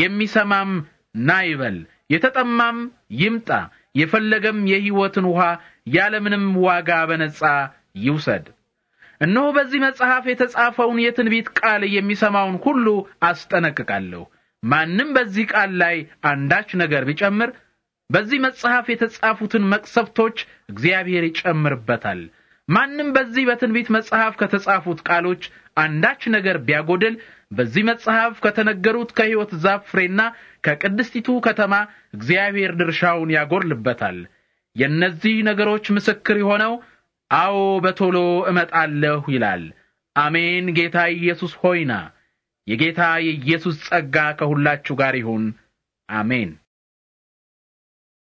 [SPEAKER 1] የሚሰማም ና ይበል፣ የተጠማም ይምጣ፣ የፈለገም የሕይወትን ውሃ ያለምንም ዋጋ በነጻ ይውሰድ። እነሆ በዚህ መጽሐፍ የተጻፈውን የትንቢት ቃል የሚሰማውን ሁሉ አስጠነቅቃለሁ። ማንም በዚህ ቃል ላይ አንዳች ነገር ቢጨምር በዚህ መጽሐፍ የተጻፉትን መቅሰፍቶች እግዚአብሔር ይጨምርበታል ማንም በዚህ በትንቢት መጽሐፍ ከተጻፉት ቃሎች አንዳች ነገር ቢያጎድል በዚህ መጽሐፍ ከተነገሩት ከሕይወት ዛፍ ፍሬና ከቅድስቲቱ ከተማ እግዚአብሔር ድርሻውን ያጎርልበታል። የእነዚህ ነገሮች ምስክር የሆነው አዎ በቶሎ እመጣለሁ ይላል።
[SPEAKER 2] አሜን። ጌታ ኢየሱስ ሆይና የጌታ የኢየሱስ ጸጋ ከሁላችሁ ጋር ይሁን። አሜን።